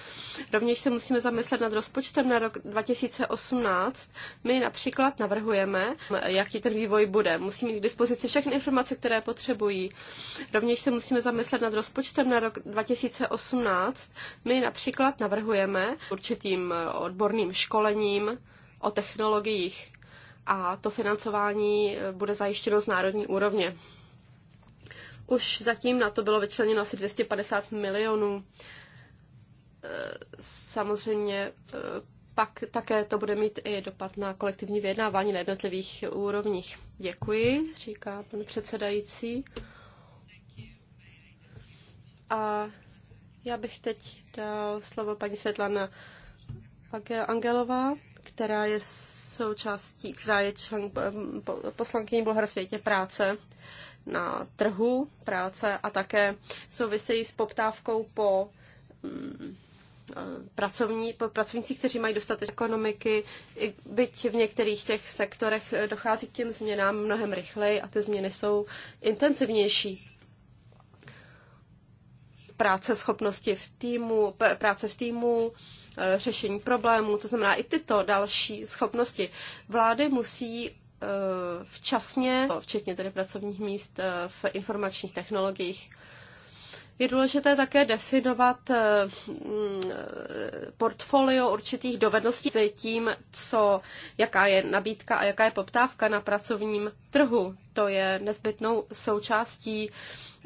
Rovněž se musíme zamyslet nad rozpočtem na rok 2018. My například navrhujeme, jaký ten vývoj bude. Musí mít k dispozici všechny informace, které potřebují. Rovněž se musíme zamyslet nad rozpočtem na rok 2018. My například navrhujeme určitým odborným školením o technologiích a to financování bude zajištěno z národní úrovně. Už zatím na to bylo vyčleněno asi 250 milionů. E, samozřejmě e, pak také to bude mít i dopad na kolektivní vyjednávání na jednotlivých úrovních. Děkuji, říká pan předsedající. A já bych teď dal slovo paní Světlana Angelová, která je součástí, která je člen, e, poslankyní Bulharské práce na trhu práce a také souvisejí s poptávkou po mm, eh, pracovní, pracovníci, kteří mají dostatek ekonomiky, i byť v některých těch sektorech eh, dochází k těm změnám mnohem rychleji a ty změny jsou intenzivnější. Práce schopnosti v týmu, práce v týmu, eh, řešení problémů, to znamená i tyto další schopnosti. Vlády musí Eh, včasně, včetně tedy pracovních míst eh, v informačních technologiích. Je důležité také definovat eh, mm, eh, portfolio určitých dovedností se tím, co, jaká je nabídka a jaká je poptávka na pracovním trhu. To je nezbytnou součástí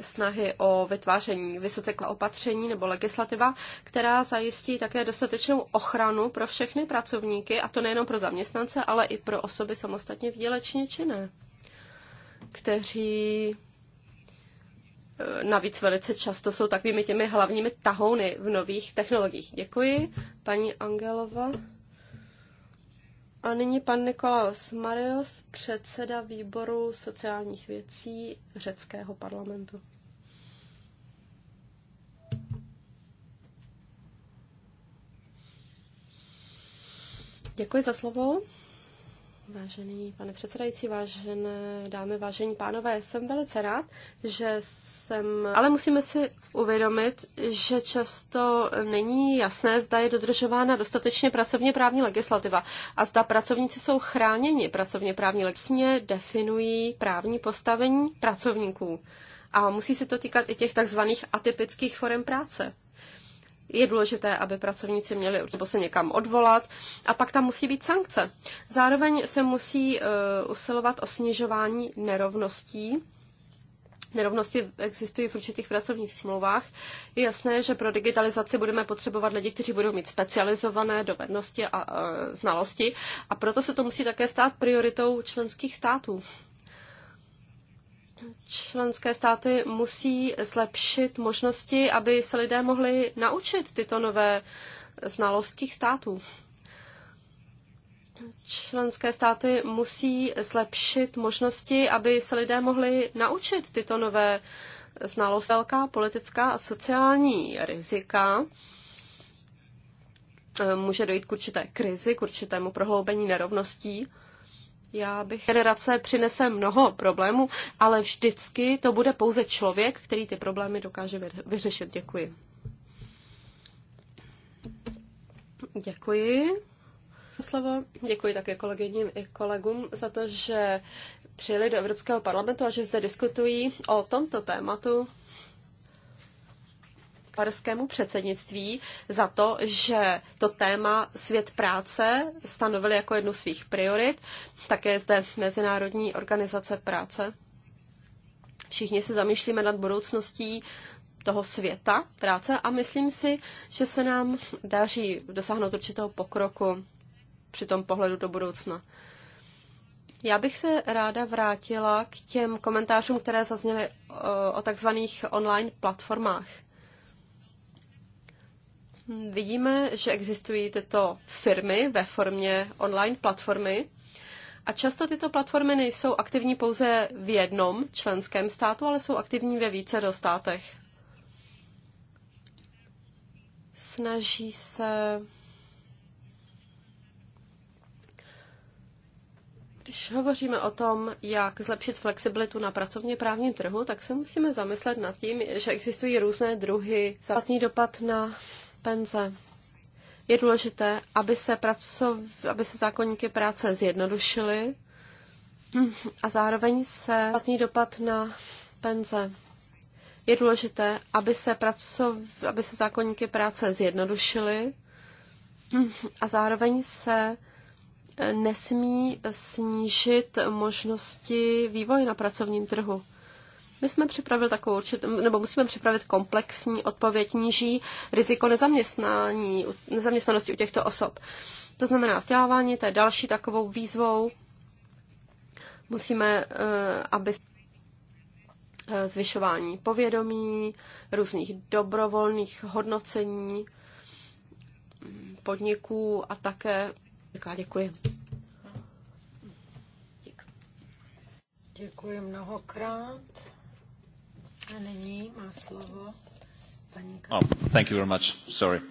snahy o vytváření vysoce opatření nebo legislativa, která zajistí také dostatečnou ochranu pro všechny pracovníky, a to nejenom pro zaměstnance, ale i pro osoby samostatně výdělečně činné, kteří Eh, navíc velice často jsou takovými těmi hlavními tahouny v nových technologiích. Děkuji, paní Angelova. A nyní pan Nikolaos Marios, předseda výboru sociálních věcí řeckého parlamentu. Děkuji za slovo. Vážený pane předsedající, vážené dámy, vážení pánové, jsem velice rád, že jsem... Ale musíme si uvědomit, že často není jasné, zda je dodržována dostatečně pracovně právní legislativa a zda pracovníci jsou chráněni pracovně právní legislativně definují právní postavení pracovníků. A musí se to týkat i těch takzvaných atypických forem práce je důležité, aby pracovníci měli nebo se někam odvolat a pak tam musí být sankce. Zároveň se musí uh, usilovat o snižování nerovností. Nerovnosti existují v určitých pracovních smlouvách. Je jasné, že pro digitalizaci budeme potřebovat lidi, kteří budou mít specializované dovednosti a uh, znalosti a proto se to musí také stát prioritou členských států. Členské státy musí zlepšit možnosti, aby se lidé mohli naučit tyto nové znalosti států. Členské státy musí zlepšit možnosti, aby se lidé mohli naučit tyto nové znalosti. Velká politická a sociální rizika eh, může dojít k určité krizi, k určitému prohloubení nerovností. Já bych... Generace přinese mnoho problémů, ale vždycky to bude pouze člověk, který ty problémy dokáže vyřešit. Děkuji. Děkuji. Slovo. Děkuji také kolegyním i kolegům za to, že přijeli do Evropského parlamentu a že zde diskutují o tomto tématu, kyperskému předsednictví za to, že to téma svět práce stanovili jako jednu z svých priorit. Také zde Mezinárodní organizace práce. Všichni se zamýšlíme nad budoucností toho světa práce a myslím si, že se nám daří dosáhnout určitého pokroku při tom pohledu do budoucna. Já bych se ráda vrátila k těm komentářům, které zazněly eh, o takzvaných online platformách. Vidíme, že existují tyto firmy ve formě online platformy a často tyto platformy nejsou aktivní pouze v jednom členském státu, ale jsou aktivní ve více státech. Snaží se Když hovoříme o tom, jak zlepšit flexibilitu na pracovně právním trhu, tak se musíme zamyslet nad tím, že existují různé druhy zaplatný dopad na penze. Je důležité, aby se, pracov, aby se zákonníky práce zjednodušily mm, a zároveň se platný dopad na penze. Je důležité, aby se, pracov, aby se zákonníky práce zjednodušily mm, a zároveň se e, nesmí snížit možnosti vývoje na pracovním trhu. My jsme připravili takovou určitou, nebo musíme připravit komplexní odpověď níží riziko nezaměstnání, nezaměstnanosti u těchto osob. To znamená vzdělávání, to je další takovou výzvou. Musíme, eh, aby eh, zvyšování povědomí, různých dobrovolných hodnocení podniků a také... Děkuji. Děkuji mnohokrát. A nyní má slovo paní Kram. Oh, thank you very much. Sorry.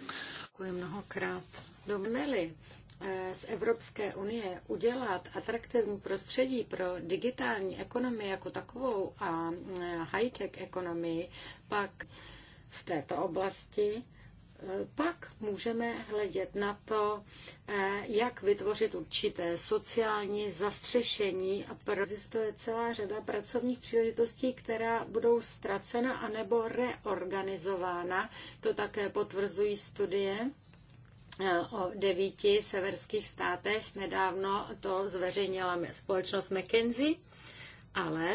Děkuji mnohokrát. Domneli eh, z Evropské unie udělat atraktivní prostředí pro digitální ekonomii jako takovou a eh, high-tech ekonomii, pak v této oblasti pak můžeme hledět na to, eh, jak vytvořit určité sociální zastřešení a existuje celá řada pracovních příležitostí, která budou ztracena anebo reorganizována. To také potvrzují studie eh, o devíti severských státech. Nedávno to zveřejnila společnost McKinsey, ale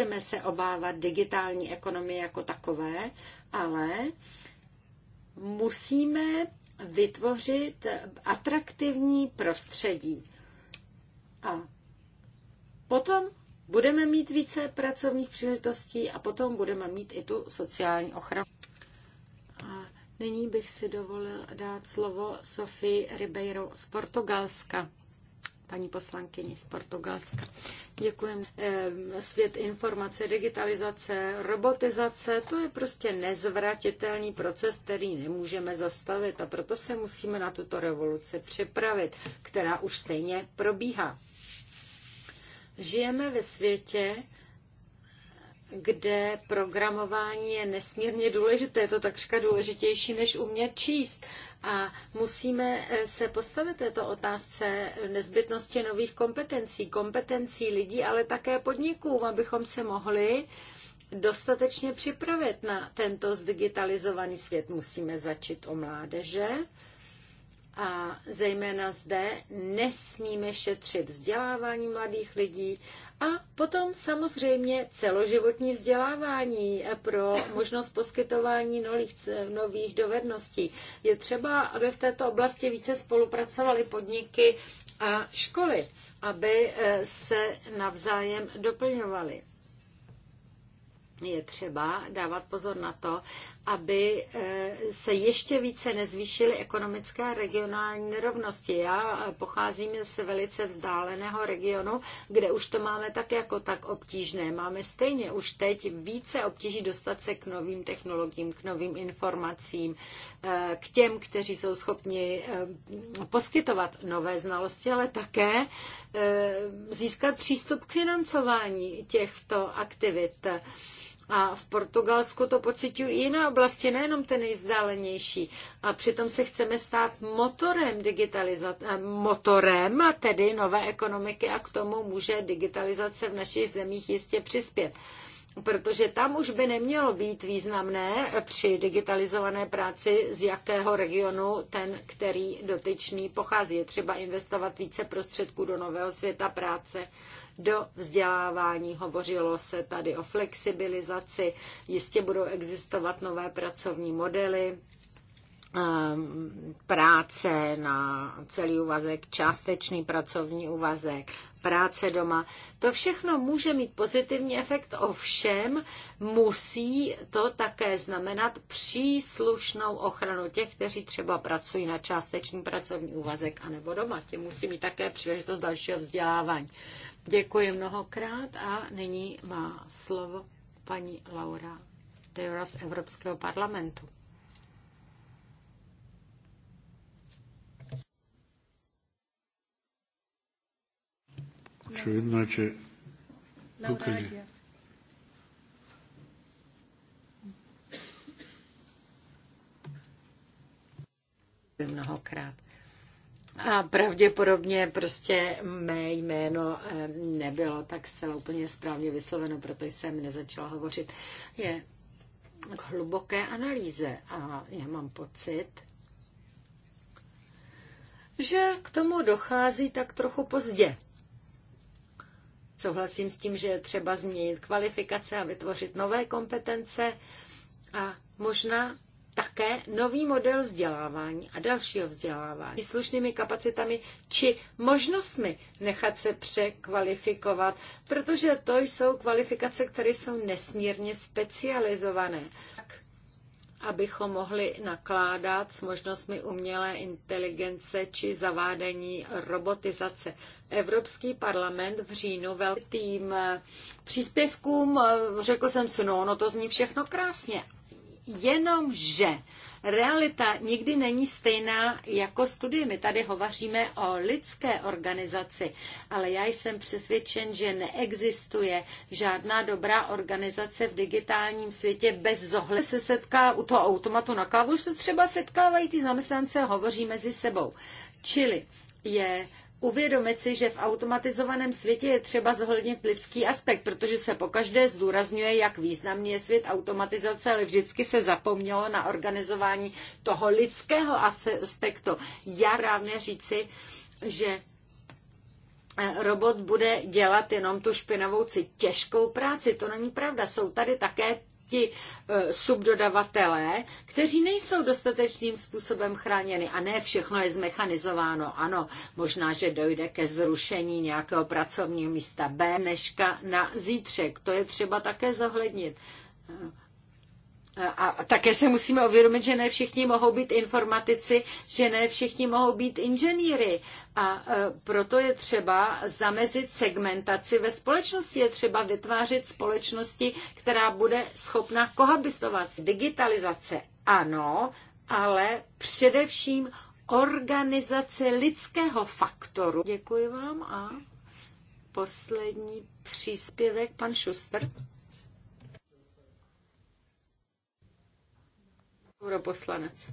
Můžeme se obávat digitální ekonomie jako takové, ale musíme vytvořit atraktivní prostředí. A potom budeme mít více pracovních příležitostí a potom budeme mít i tu sociální ochranu. A nyní bych si dovolil dát slovo Sofii Ribeiro z Portugalska paní poslankyni z Portugalska. Děkuji. Eh, svět informace, digitalizace, robotizace, to je prostě nezvratitelný proces, který nemůžeme zastavit a proto se musíme na tuto revoluci připravit, která už stejně probíhá. Žijeme ve světě, kde programování je nesmírně důležité, je to takřka důležitější, než umět číst. A musíme eh, se postavit této otázce nezbytnosti nových kompetencí, kompetencí lidí, ale také podniků, abychom se mohli dostatečně připravit na tento zdigitalizovaný svět. Musíme začít o mládeže, a zejména zde nesmíme šetřit vzdělávání mladých lidí a potom samozřejmě celoživotní vzdělávání pro možnost poskytování nových, nových dovedností. Je třeba, aby v této oblasti více spolupracovaly podniky a školy, aby eh, se navzájem doplňovaly je třeba dávat pozor na to, aby eh, se ještě více nezvýšily ekonomické a regionální nerovnosti. Já eh, pocházím z velice vzdáleného regionu, kde už to máme tak jako tak obtížné. Máme stejně už teď více obtíží dostat se k novým technologiím, k novým informacím, eh, k těm, kteří jsou schopni poskytovat nové znalosti, ale také získat přístup k financování těchto aktivit. A v Portugalsku to pocitují i jiné oblasti, nejenom ty nejvzdálenější. A přitom se chceme stát motorem digitalizace, eh, motorem a tedy nové ekonomiky a k tomu může digitalizace v našich zemích jistě přispět protože tam už by nemělo být významné při digitalizované práci, z jakého regionu ten, který dotyčný pochází. Je třeba investovat více prostředků do nového světa práce, do vzdělávání. Hovořilo se tady o flexibilizaci, jistě budou existovat nové pracovní modely Ehm, práce na celý úvazek, částečný pracovní úvazek, práce doma. To všechno může mít pozitivní efekt, ovšem musí to také znamenat příslušnou ochranu těch, kteří třeba pracují na částečný pracovní úvazek anebo doma. Ti musí mít také příležitost dalšího vzdělávání. Děkuji mnohokrát a nyní má slovo paní Laura Deura z Evropského parlamentu. Очевидно е, че тук е. Mnohokrát. A pravděpodobně prostě mé jméno eh, nebylo tak zcela úplně správně vysloveno, proto jsem nezačala hovořit. Je k hluboké analýze a já mám pocit, že k tomu dochází tak trochu pozdě. Souhlasím s tím, že je třeba změnit kvalifikace a vytvořit nové kompetence a možná také nový model vzdělávání a dalšího vzdělávání, slušnými kapacitami či možnostmi nechat se překvalifikovat, protože to jsou kvalifikace, které jsou nesmírně specializované. Tak abychom mohli nakládat s možnostmi umělé inteligence či zavádení robotizace. Evropský parlament v říjnu velkým eh, příspěvkům eh, řekl jsem si, no, no to zní všechno krásně, jenomže Realita nikdy není stejná jako studie. My tady hovaříme o lidské organizaci, ale já jsem přesvědčen, že neexistuje žádná dobrá organizace v digitálním světě bez zohledu. Se setká u toho automatu na kávu, se třeba setkávají ty zaměstnance a hovoří mezi sebou. Čili je uvědomit si, že v automatizovaném světě je třeba zohlednit lidský aspekt, protože se pokaždé zdůrazňuje, jak významný je svět automatizace, ale vždycky se zapomnělo na organizování toho lidského aspektu. Já právě říci, že eh, robot bude dělat jenom tu špinavou, těžkou práci. To není pravda. Jsou tady také ti eh, subdodavatelé, kteří nejsou dostatečným způsobem chráněni a ne všechno je zmechanizováno. Ano, možná, že dojde ke zrušení nějakého pracovního místa B dneška na zítřek. To je třeba také zohlednit. Eh, a také se musíme uvědomit, že ne všichni mohou být informatici, že ne všichni mohou být inženýry. A e, proto je třeba zamezit segmentaci ve společnosti. Je třeba vytvářet společnosti, která bude schopna kohabistovat Digitalizace ano, ale především organizace lidského faktoru. Děkuji vám a poslední příspěvek, pan Šuster. Europoslanec.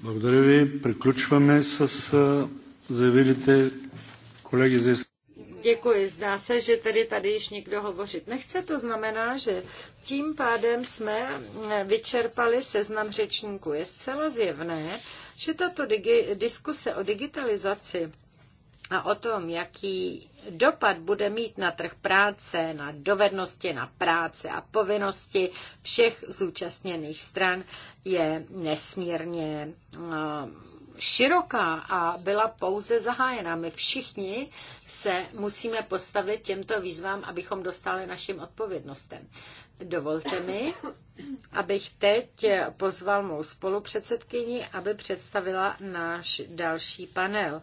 Благодаря ви. Приключваме с заявилите колеги за Děkuji. Zdá se, že tedy tady již nikdo hovořit nechce. To znamená, že tím pádem jsme eh, vyčerpali seznam řečníků. Je zcela zjevné, že tato digi- diskuse o digitalizaci a o tom, jaký dopad bude mít na trh práce, na dovednosti, na práce a povinnosti všech zúčastněných stran, je nesmírně eh, široká a byla pouze zahájena. My všichni se musíme postavit těmto výzvám, abychom dostali našim odpovědnostem. Dovolte mi, abych teď pozval mou spolupředsedkyni, aby představila náš další panel.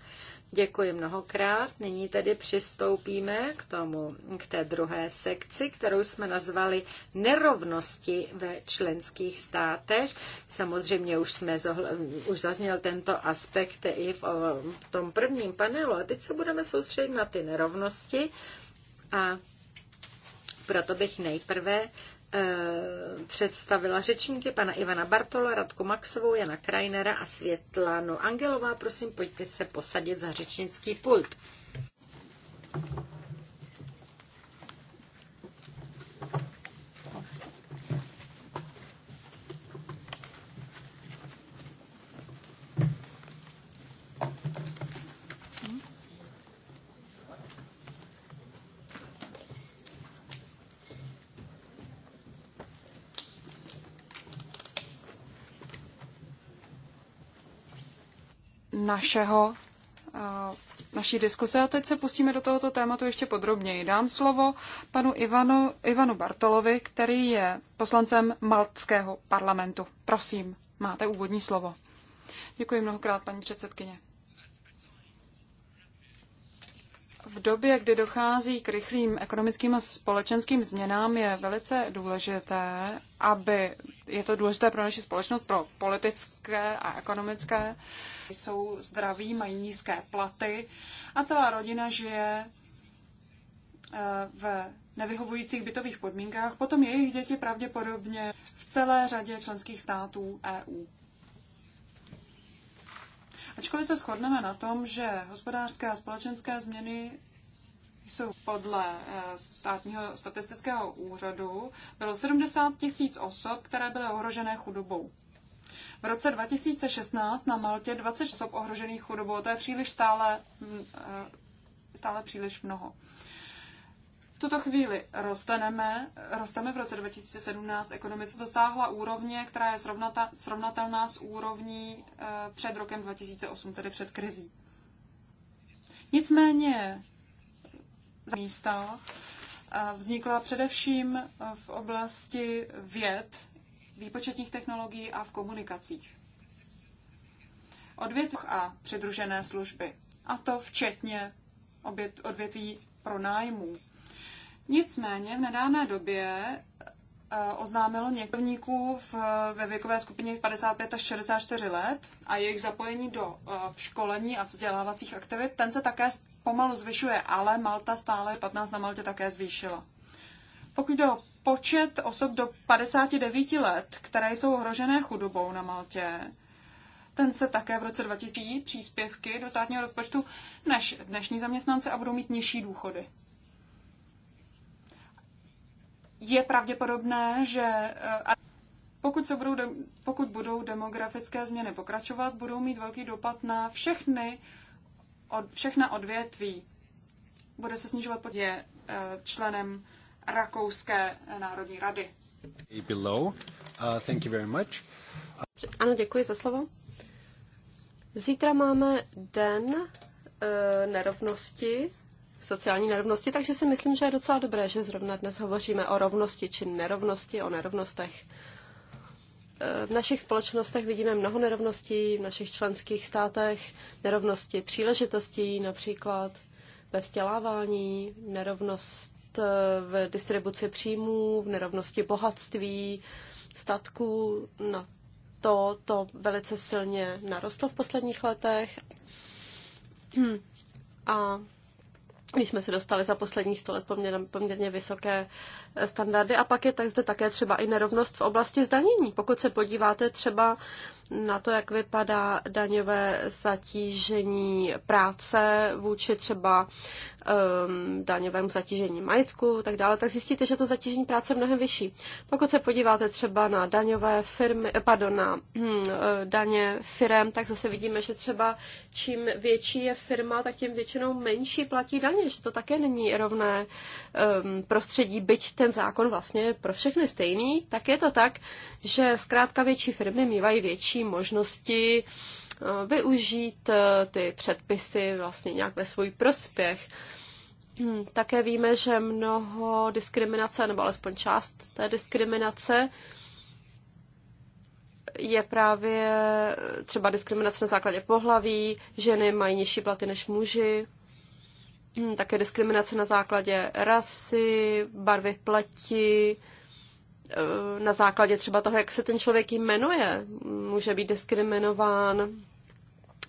Děkuji mnohokrát. Nyní tedy přistoupíme k tomu, k té druhé sekci, kterou jsme nazvali nerovnosti ve členských státech. Samozřejmě už, jsme zohl, už zazněl tento aspekt i v, v tom prvním panelu. A teď se budeme soustředit na ty nerovnosti. A proto bych nejprve Eh, představila řečníky pana Ivana Bartola, Radku Maxovou, Jana Krajnera a Světlanu Angelová. Prosím, pojďte se posadit za řečnický pult. našeho, eh, naší diskuse. A teď se pustíme do tohoto tématu ještě podrobněji. Dám slovo panu Ivanu, Ivanu Bartolovi, který je poslancem Maltského parlamentu. Prosím, máte úvodní slovo. Děkuji mnohokrát, paní předsedkyně. v době, kdy dochází k rychlým ekonomickým a společenským změnám, je velice důležité, aby je to důležité pro naši společnost, pro politické a ekonomické. Jsou zdraví, mají nízké platy a celá rodina žije eh, v nevyhovujících bytových podmínkách. Potom jejich děti pravděpodobně v celé řadě členských států EU. Ačkoliv se shodneme na tom, že hospodářské a společenské změny jsou podle eh, státního statistického úřadu, bylo 70 tisíc osob, které byly ohrožené chudobou. V roce 2016 na Maltě 20 osob ohrožených chudobou, to je příliš stále, mm, eh, stále příliš mnoho tuto chvíli rosteneme, rosteme v roce 2017, ekonomice dosáhla úrovně, která je srovnata, srovnatelná s úrovní uh, před rokem 2008, tedy před krizí. Nicméně místa eh, vznikla především eh, v oblasti věd, výpočetních technologií a v komunikacích. Odvětví a přidružené služby, a to včetně odvětví pronájmů. Nicméně v nedávné době eh, oznámilo několiků ve věkové skupině 55 až 64 let a jejich zapojení do eh, školení a vzdělávacích aktivit, ten se také pomalu zvyšuje, ale Malta stále 15 na Maltě také zvýšila. Pokud do počet osob do 59 let, které jsou ohrožené chudobou na Maltě, ten se také v roce 2000 příspěvky do státního rozpočtu než dnešní zaměstnance a budou mít nižší důchody je pravděpodobné, že eh, pokud, se budou, pokud budou demografické změny pokračovat, budou mít velký dopad na všechny, od, všechna odvětví. Bude se snižovat pod je eh, členem Rakouské národní rady. Below. Uh, thank you very much. Uh... Ano, děkuji za slovo. Zítra máme den uh, nerovnosti sociální nerovnosti, takže si myslím, že je docela dobré, že zrovna dnes hovoříme o rovnosti či nerovnosti, o nerovnostech. E, v našich společnostech vidíme mnoho nerovností, v našich členských státech nerovnosti příležitostí, například ve vzdělávání, nerovnost e, v distribuci příjmů, v nerovnosti bohatství, statků. Na to, to velice silně narostlo v posledních letech. A my jsme se dostali za poslední sto let poměrně, poměrně vysoké standardy. A pak je tak zde také třeba i nerovnost v oblasti zdanění. Pokud se podíváte třeba na to, jak vypadá daňové zatížení práce vůči třeba um, daňovému zatížení majetku tak dále, tak zjistíte, že to zatížení práce je mnohem vyšší. Pokud se podíváte třeba na daňové firmy, eh, pardon, na hm, eh, daně firm, tak zase vidíme, že třeba čím větší je firma, tak tím většinou menší platí daně, že to také není rovné um, prostředí, byť ten ten zákon vlastně pro všechny stejný, tak je to tak, že zkrátka větší firmy mývají větší možnosti eh, využít eh, ty předpisy vlastně nějak ve svůj prospěch. Hm, také víme, že mnoho diskriminace, nebo alespoň část té diskriminace, je právě eh, třeba diskriminace na základě pohlaví, ženy mají nižší platy než muži, Hm, také diskriminace na základě rasy, barvy pleti, eh, na základě třeba toho, jak se ten člověk jmenuje, může být diskriminován,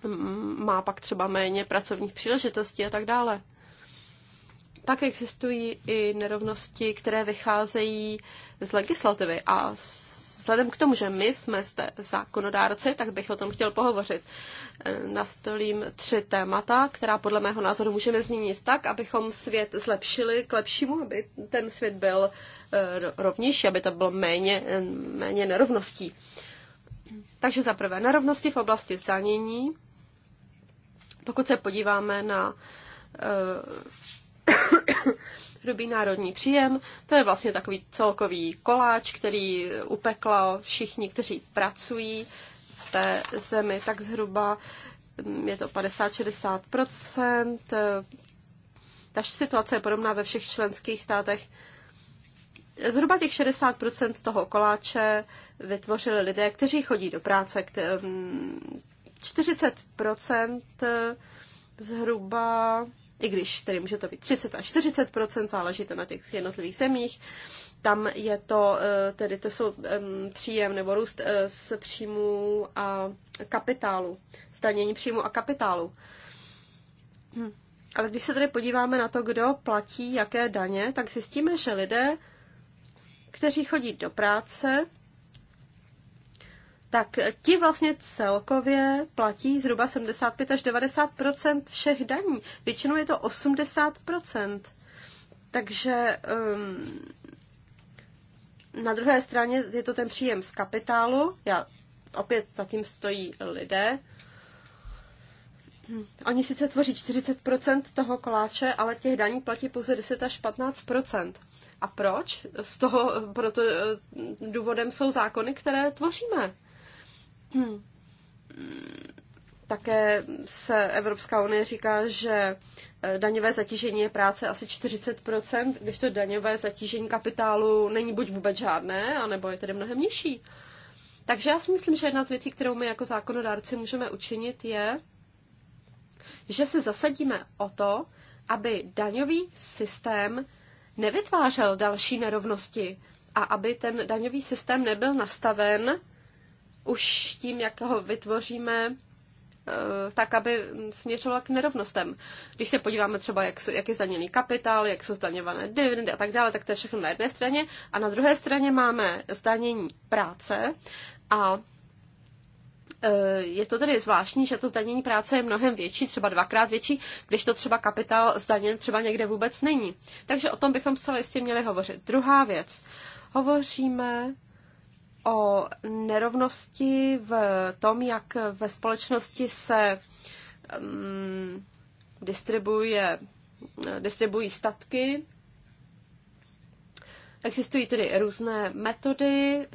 hm, má pak třeba méně pracovních příležitostí a tak dále. Pak existují i nerovnosti, které vycházejí z legislativy a z vzhledem k tomu, že my jsme zde zákonodárci, tak bych o tom chtěl pohovořit. Nastolím tři témata, která podle mého názoru můžeme změnit tak, abychom svět zlepšili k lepšímu, aby ten svět byl eh, rovnější, aby to bylo méně, méně nerovností. Takže za prvé, nerovnosti v oblasti zdanění. Pokud se podíváme na eh, hrubý národní příjem, to je vlastně takový celkový koláč, který upekla všichni, kteří pracují v té zemi, tak zhruba mm, je to 50-60%. Ta situace je podobná ve všech členských státech. Zhruba těch 60% toho koláče vytvořili lidé, kteří chodí do práce. 40% mm, zhruba i když tedy může to být 30 až 40 záleží to na těch jednotlivých zemích. Tam je to, eh, tedy to jsou příjem nebo růst eh, z příjmu a kapitálu, zdanění příjmu a kapitálu. Hm. Ale když se tedy podíváme na to, kdo platí jaké daně, tak zjistíme, že lidé, kteří chodí do práce, tak ti vlastně celkově platí zhruba 75 až 90 všech daní. Většinou je to 80 Takže um, na druhé straně je to ten příjem z kapitálu. Já, opět za tím stojí lidé. Oni sice tvoří 40 toho koláče, ale těch daní platí pouze 10 až 15 A proč? Z toho proto eh, důvodem jsou zákony, které tvoříme Hmm. Také se Evropská unie říká, že eh, daňové zatížení je práce asi 40%, když to daňové zatížení kapitálu není buď vůbec žádné, anebo je tedy mnohem nižší. Takže já si myslím, že jedna z věcí, kterou my jako zákonodárci můžeme učinit, je, že se zasadíme o to, aby daňový systém nevytvářel další nerovnosti a aby ten daňový systém nebyl nastaven už tím, jak ho vytvoříme, eh, tak, aby směřovala k nerovnostem. Když se podíváme třeba, jak, jak je zdaněný kapitál, jak jsou zdaněvané dividendy a tak dále, tak to je všechno na jedné straně. A na druhé straně máme zdanění práce a eh, je to tedy zvláštní, že to zdanění práce je mnohem větší, třeba dvakrát větší, když to třeba kapitál zdaněn třeba někde vůbec není. Takže o tom bychom zcela jistě měli hovořit. Druhá věc. Hovoříme o nerovnosti v tom, jak ve společnosti se um, mm, distribuje, distribuují statky. Existují tedy různé metody,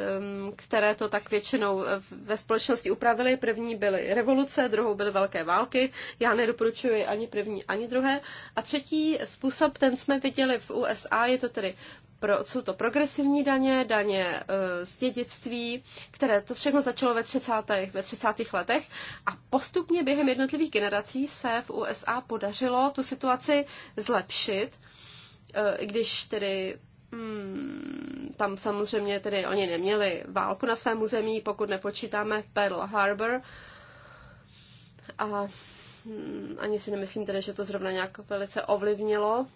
které to tak většinou ve společnosti upravily. První byly revoluce, druhou byly velké války. Já nedoporučuji ani první, ani druhé. A třetí způsob, ten jsme viděli v USA, je to tedy pro, jsou to progresivní daně, daně e, z dědictví, které to všechno začalo ve 30. ve 30. letech a postupně během jednotlivých generací se v USA podařilo tu situaci zlepšit, eh, i když tedy Hmm, tam samozřejmě tedy oni neměli válku na svém území, pokud nepočítáme Pearl Harbor. A hmm, ani si nemyslím tedy, že to zrovna nějak velice ovlivnilo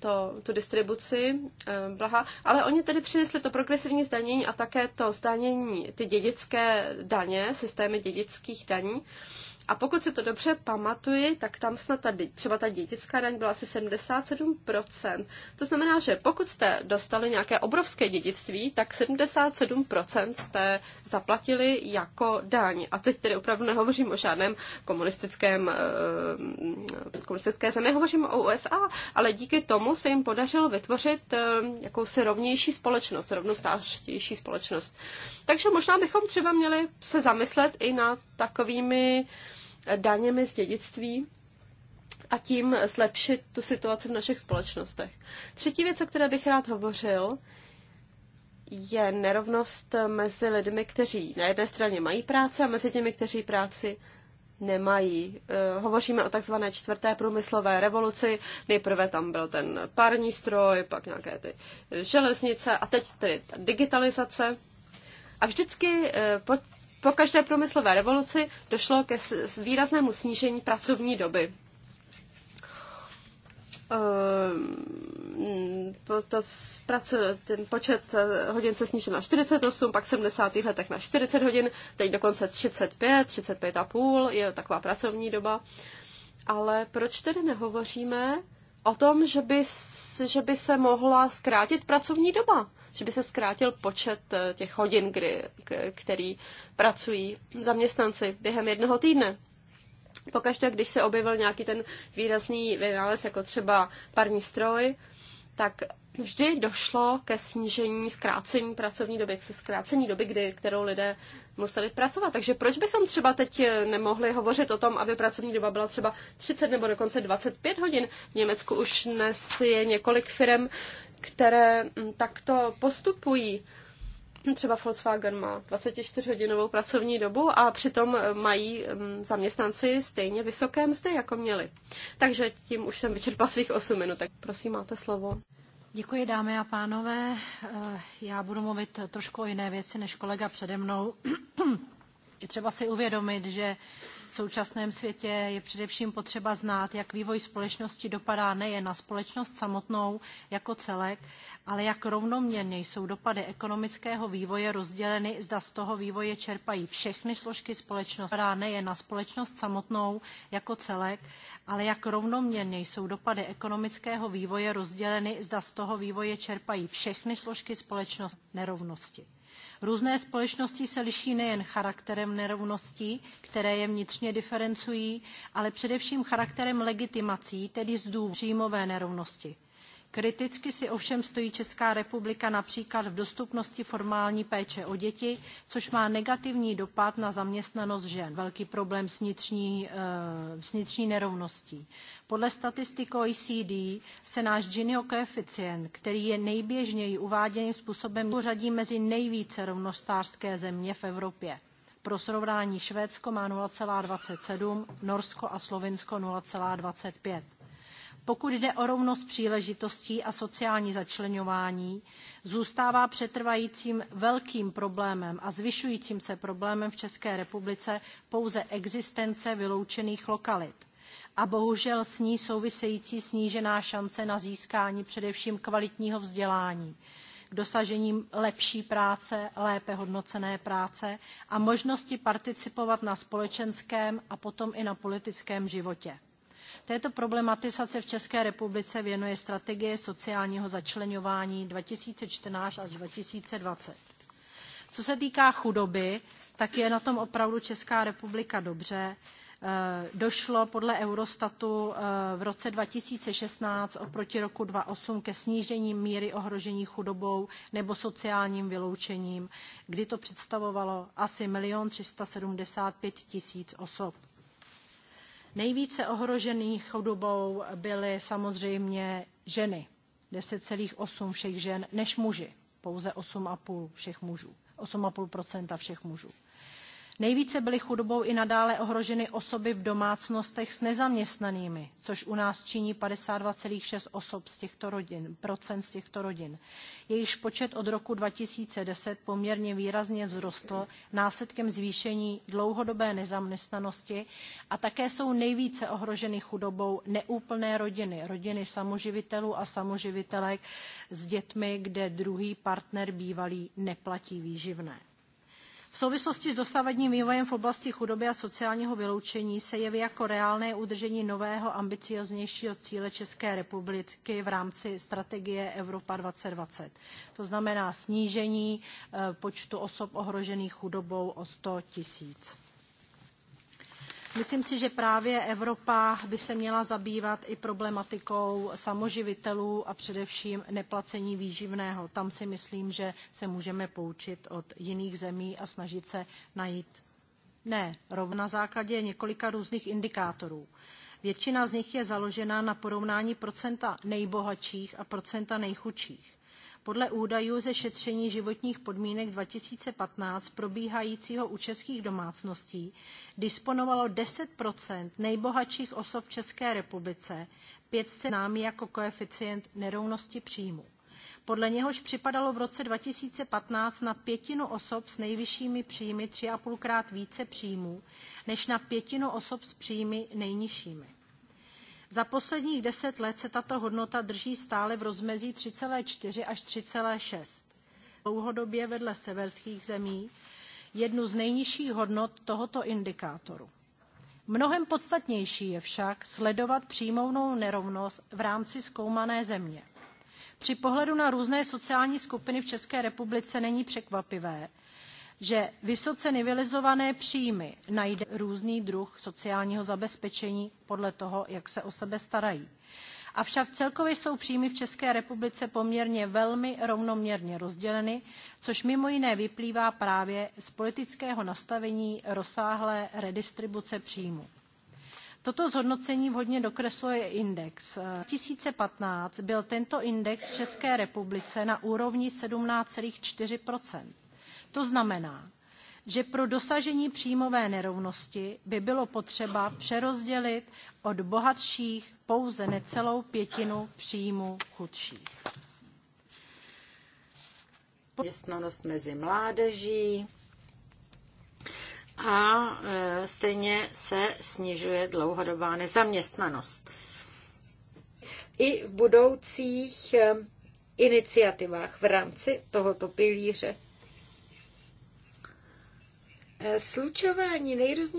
to, tu distribuci eh, blaha, ale oni tedy přinesli to progresivní zdanění a také to zdanění, ty dědické daně, systémy dědických daní. A pokud se to dobře pamatuji, tak tam snad ta, třeba ta dětická daň byla asi 77%. To znamená, že pokud jste dostali nějaké obrovské dědictví, tak 77% jste zaplatili jako daň. A teď tedy opravdu nehovořím o žádném komunistickém, eh, mm, komunistické zemi, hovořím o USA, ale díky tomu se jim podařilo vytvořit eh, jakousi rovnější společnost, rovnostářtější společnost. Takže možná bychom třeba měli se zamyslet i nad takovými daněmi z dědictví a tím zlepšit tu situaci v našich společnostech. Třetí věc, o které bych rád hovořil, je nerovnost mezi lidmi, kteří na jedné straně mají práci a mezi těmi, kteří práci nemají. Eh, hovoříme o takzvané čtvrté průmyslové revoluci. Nejprve tam byl ten pární stroj, pak nějaké ty železnice a teď tedy ta digitalizace. A vždycky eh, po každé průmyslové revoluci došlo ke výraznému snížení pracovní doby. Ehm, to ten počet eh, hodin se snížil na 48, pak v 70. letech na 40 hodin, teď dokonce 35, 35 a půl je taková pracovní doba. Ale proč tedy nehovoříme o tom, že by, že by se mohla zkrátit pracovní doba? že by se zkrátil počet eh, těch hodin, kdy, který pracují zaměstnanci během jednoho týdne. Pokaždé, když se objevil nějaký ten výrazný vynález, jako třeba parní stroj, tak vždy došlo ke snížení, zkrácení pracovní doby, k se zkrácení doby, kdy, kterou lidé museli pracovat. Takže proč bychom třeba teď eh, nemohli hovořit o tom, aby pracovní doba byla třeba 30 nebo dokonce 25 hodin? V Německu už dnes je několik firm, které mm, takto postupují. Třeba Volkswagen má 24-hodinovou pracovní dobu a přitom eh, mají mm, zaměstnanci stejně vysoké mzdy, jako měli. Takže tím už jsem vyčerpala svých 8 minut, tak prosím, máte slovo. Děkuji, dámy a pánové. Eh, já budu mluvit trošku o jiné věci než kolega přede mnou. Je třeba si uvědomit, že v současném světě je především potřeba znát, jak vývoj společnosti dopadá nejen na společnost samotnou jako celek, ale jak rovnoměrně jsou dopady ekonomického vývoje rozděleny, zda z toho vývoje čerpají všechny složky společnosti, dopadá nejen na společnost samotnou jako celek, ale jak rovnoměrně jsou dopady ekonomického vývoje rozděleny, zda z toho vývoje čerpají všechny složky společnosti nerovnosti. Různé společnosti se liší nejen charakterem nerovností, které je vnitřně diferencují, ale především charakterem legitimací, tedy z důvodu příjmové nerovnosti. Kriticky si ovšem stojí Česká republika například v dostupnosti formální péče o děti, což má negativní dopad na zaměstnanost žen. Velký problém s vnitřní, eh, s vnitřní nerovností. Podle statistik OECD se náš Giniho koeficient, který je nejběžněji uváděným způsobem, pořadí mezi nejvíce rovnostářské země v Evropě. Pro srovnání Švédsko má 0,27, Norsko a Slovinsko 0,25. Pokud jde o rovnost příležitostí a sociální začlenování, zůstává přetrvajícím velkým problémem a zvyšujícím se problémem v České republice pouze existence vyloučených lokalit a bohužel s ní související snížená šance na získání především kvalitního vzdělání k dosažení lepší práce, lépe hodnocené práce a možnosti participovat na společenském a potom i na politickém životě. Této problematizace v České republice věnuje strategie sociálního začlenování 2014 až 2020. Co se týká chudoby, tak je na tom opravdu Česká republika dobře eh, došlo podle Eurostatu eh, v roce 2016 oproti roku 2008 ke snížení míry ohrožení chudobou nebo sociálním vyloučením, kdy to představovalo asi 1 375 000 osob. Nejvíce ohrožených chudobou byly samozřejmě ženy. 10,8 všech žen než muži. Pouze 8,5 všech mužů. 8,5 všech mužů. Nejvíce byly chudobou i nadále ohroženy osoby v domácnostech s nezaměstnanými, což u nás činí 52,6 osob z těchto rodin, procent z těchto rodin. Jejichž počet od roku 2010 poměrně výrazně vzrostl následkem zvýšení dlouhodobé nezaměstnanosti a také jsou nejvíce ohroženy chudobou neúplné rodiny, rodiny samoživitelů a samoživitelek s dětmi, kde druhý partner bývalý neplatí výživné. V souvislosti s dosavadním vývojem v oblasti chudoby a sociálního vyloučení se jeví jako reálné udržení nového ambicioznějšího cíle České republiky v rámci strategie Evropa 2020. To znamená snížení eh, počtu osob ohrožených chudobou o 100 tisíc. Myslím si, že právě Evropa by se měla zabývat i problematikou samoživitelů a především neplacení výživného. Tam si myslím, že se můžeme poučit od jiných zemí a snažit se najít ne rovna na základě několika různých indikátorů. Většina z nich je založena na porovnání procenta nejbohatších a procenta nejchudších. Podle údajů ze šetření životních podmínek 2015 probíhajícího u českých domácností disponovalo 10 nejbohatších osob v České republice, 500 známý jako koeficient nerovnosti příjmu. Podle něhož připadalo v roce 2015 na pětinu osob s nejvyššími příjmy 3,5 krát více příjmů než na pětinu osob s příjmy nejnižšími. Za posledních deset let se tato hodnota drží stále v rozmezí 3,4 až 3,6. Dlouhodobě vedle severských zemí jednu z nejnižších hodnot tohoto indikátoru. Mnohem podstatnější je však sledovat příjmovou nerovnost v rámci zkoumané země. Při pohledu na různé sociální skupiny v České republice není překvapivé, že vysoce nivelizované příjmy najde různý druh sociálního zabezpečení podle toho, jak se o sebe starají. Avšak celkově jsou příjmy v České republice poměrně velmi rovnoměrně rozděleny, což mimo jiné vyplývá právě z politického nastavení rozsáhlé redistribuce příjmů. Toto zhodnocení vhodně dokresluje index. 2015 byl tento index v České republice na úrovni 17,4 to znamená, že pro dosažení příjmové nerovnosti by bylo potřeba přerozdělit od bohatších pouze necelou pětinu příjmu chudších. Zaměstnanost mezi mládeží a e, stejně se snižuje dlouhodobá nezaměstnanost. I v budoucích e, iniciativách v rámci tohoto pilíře Eh, slučování nejrůznějších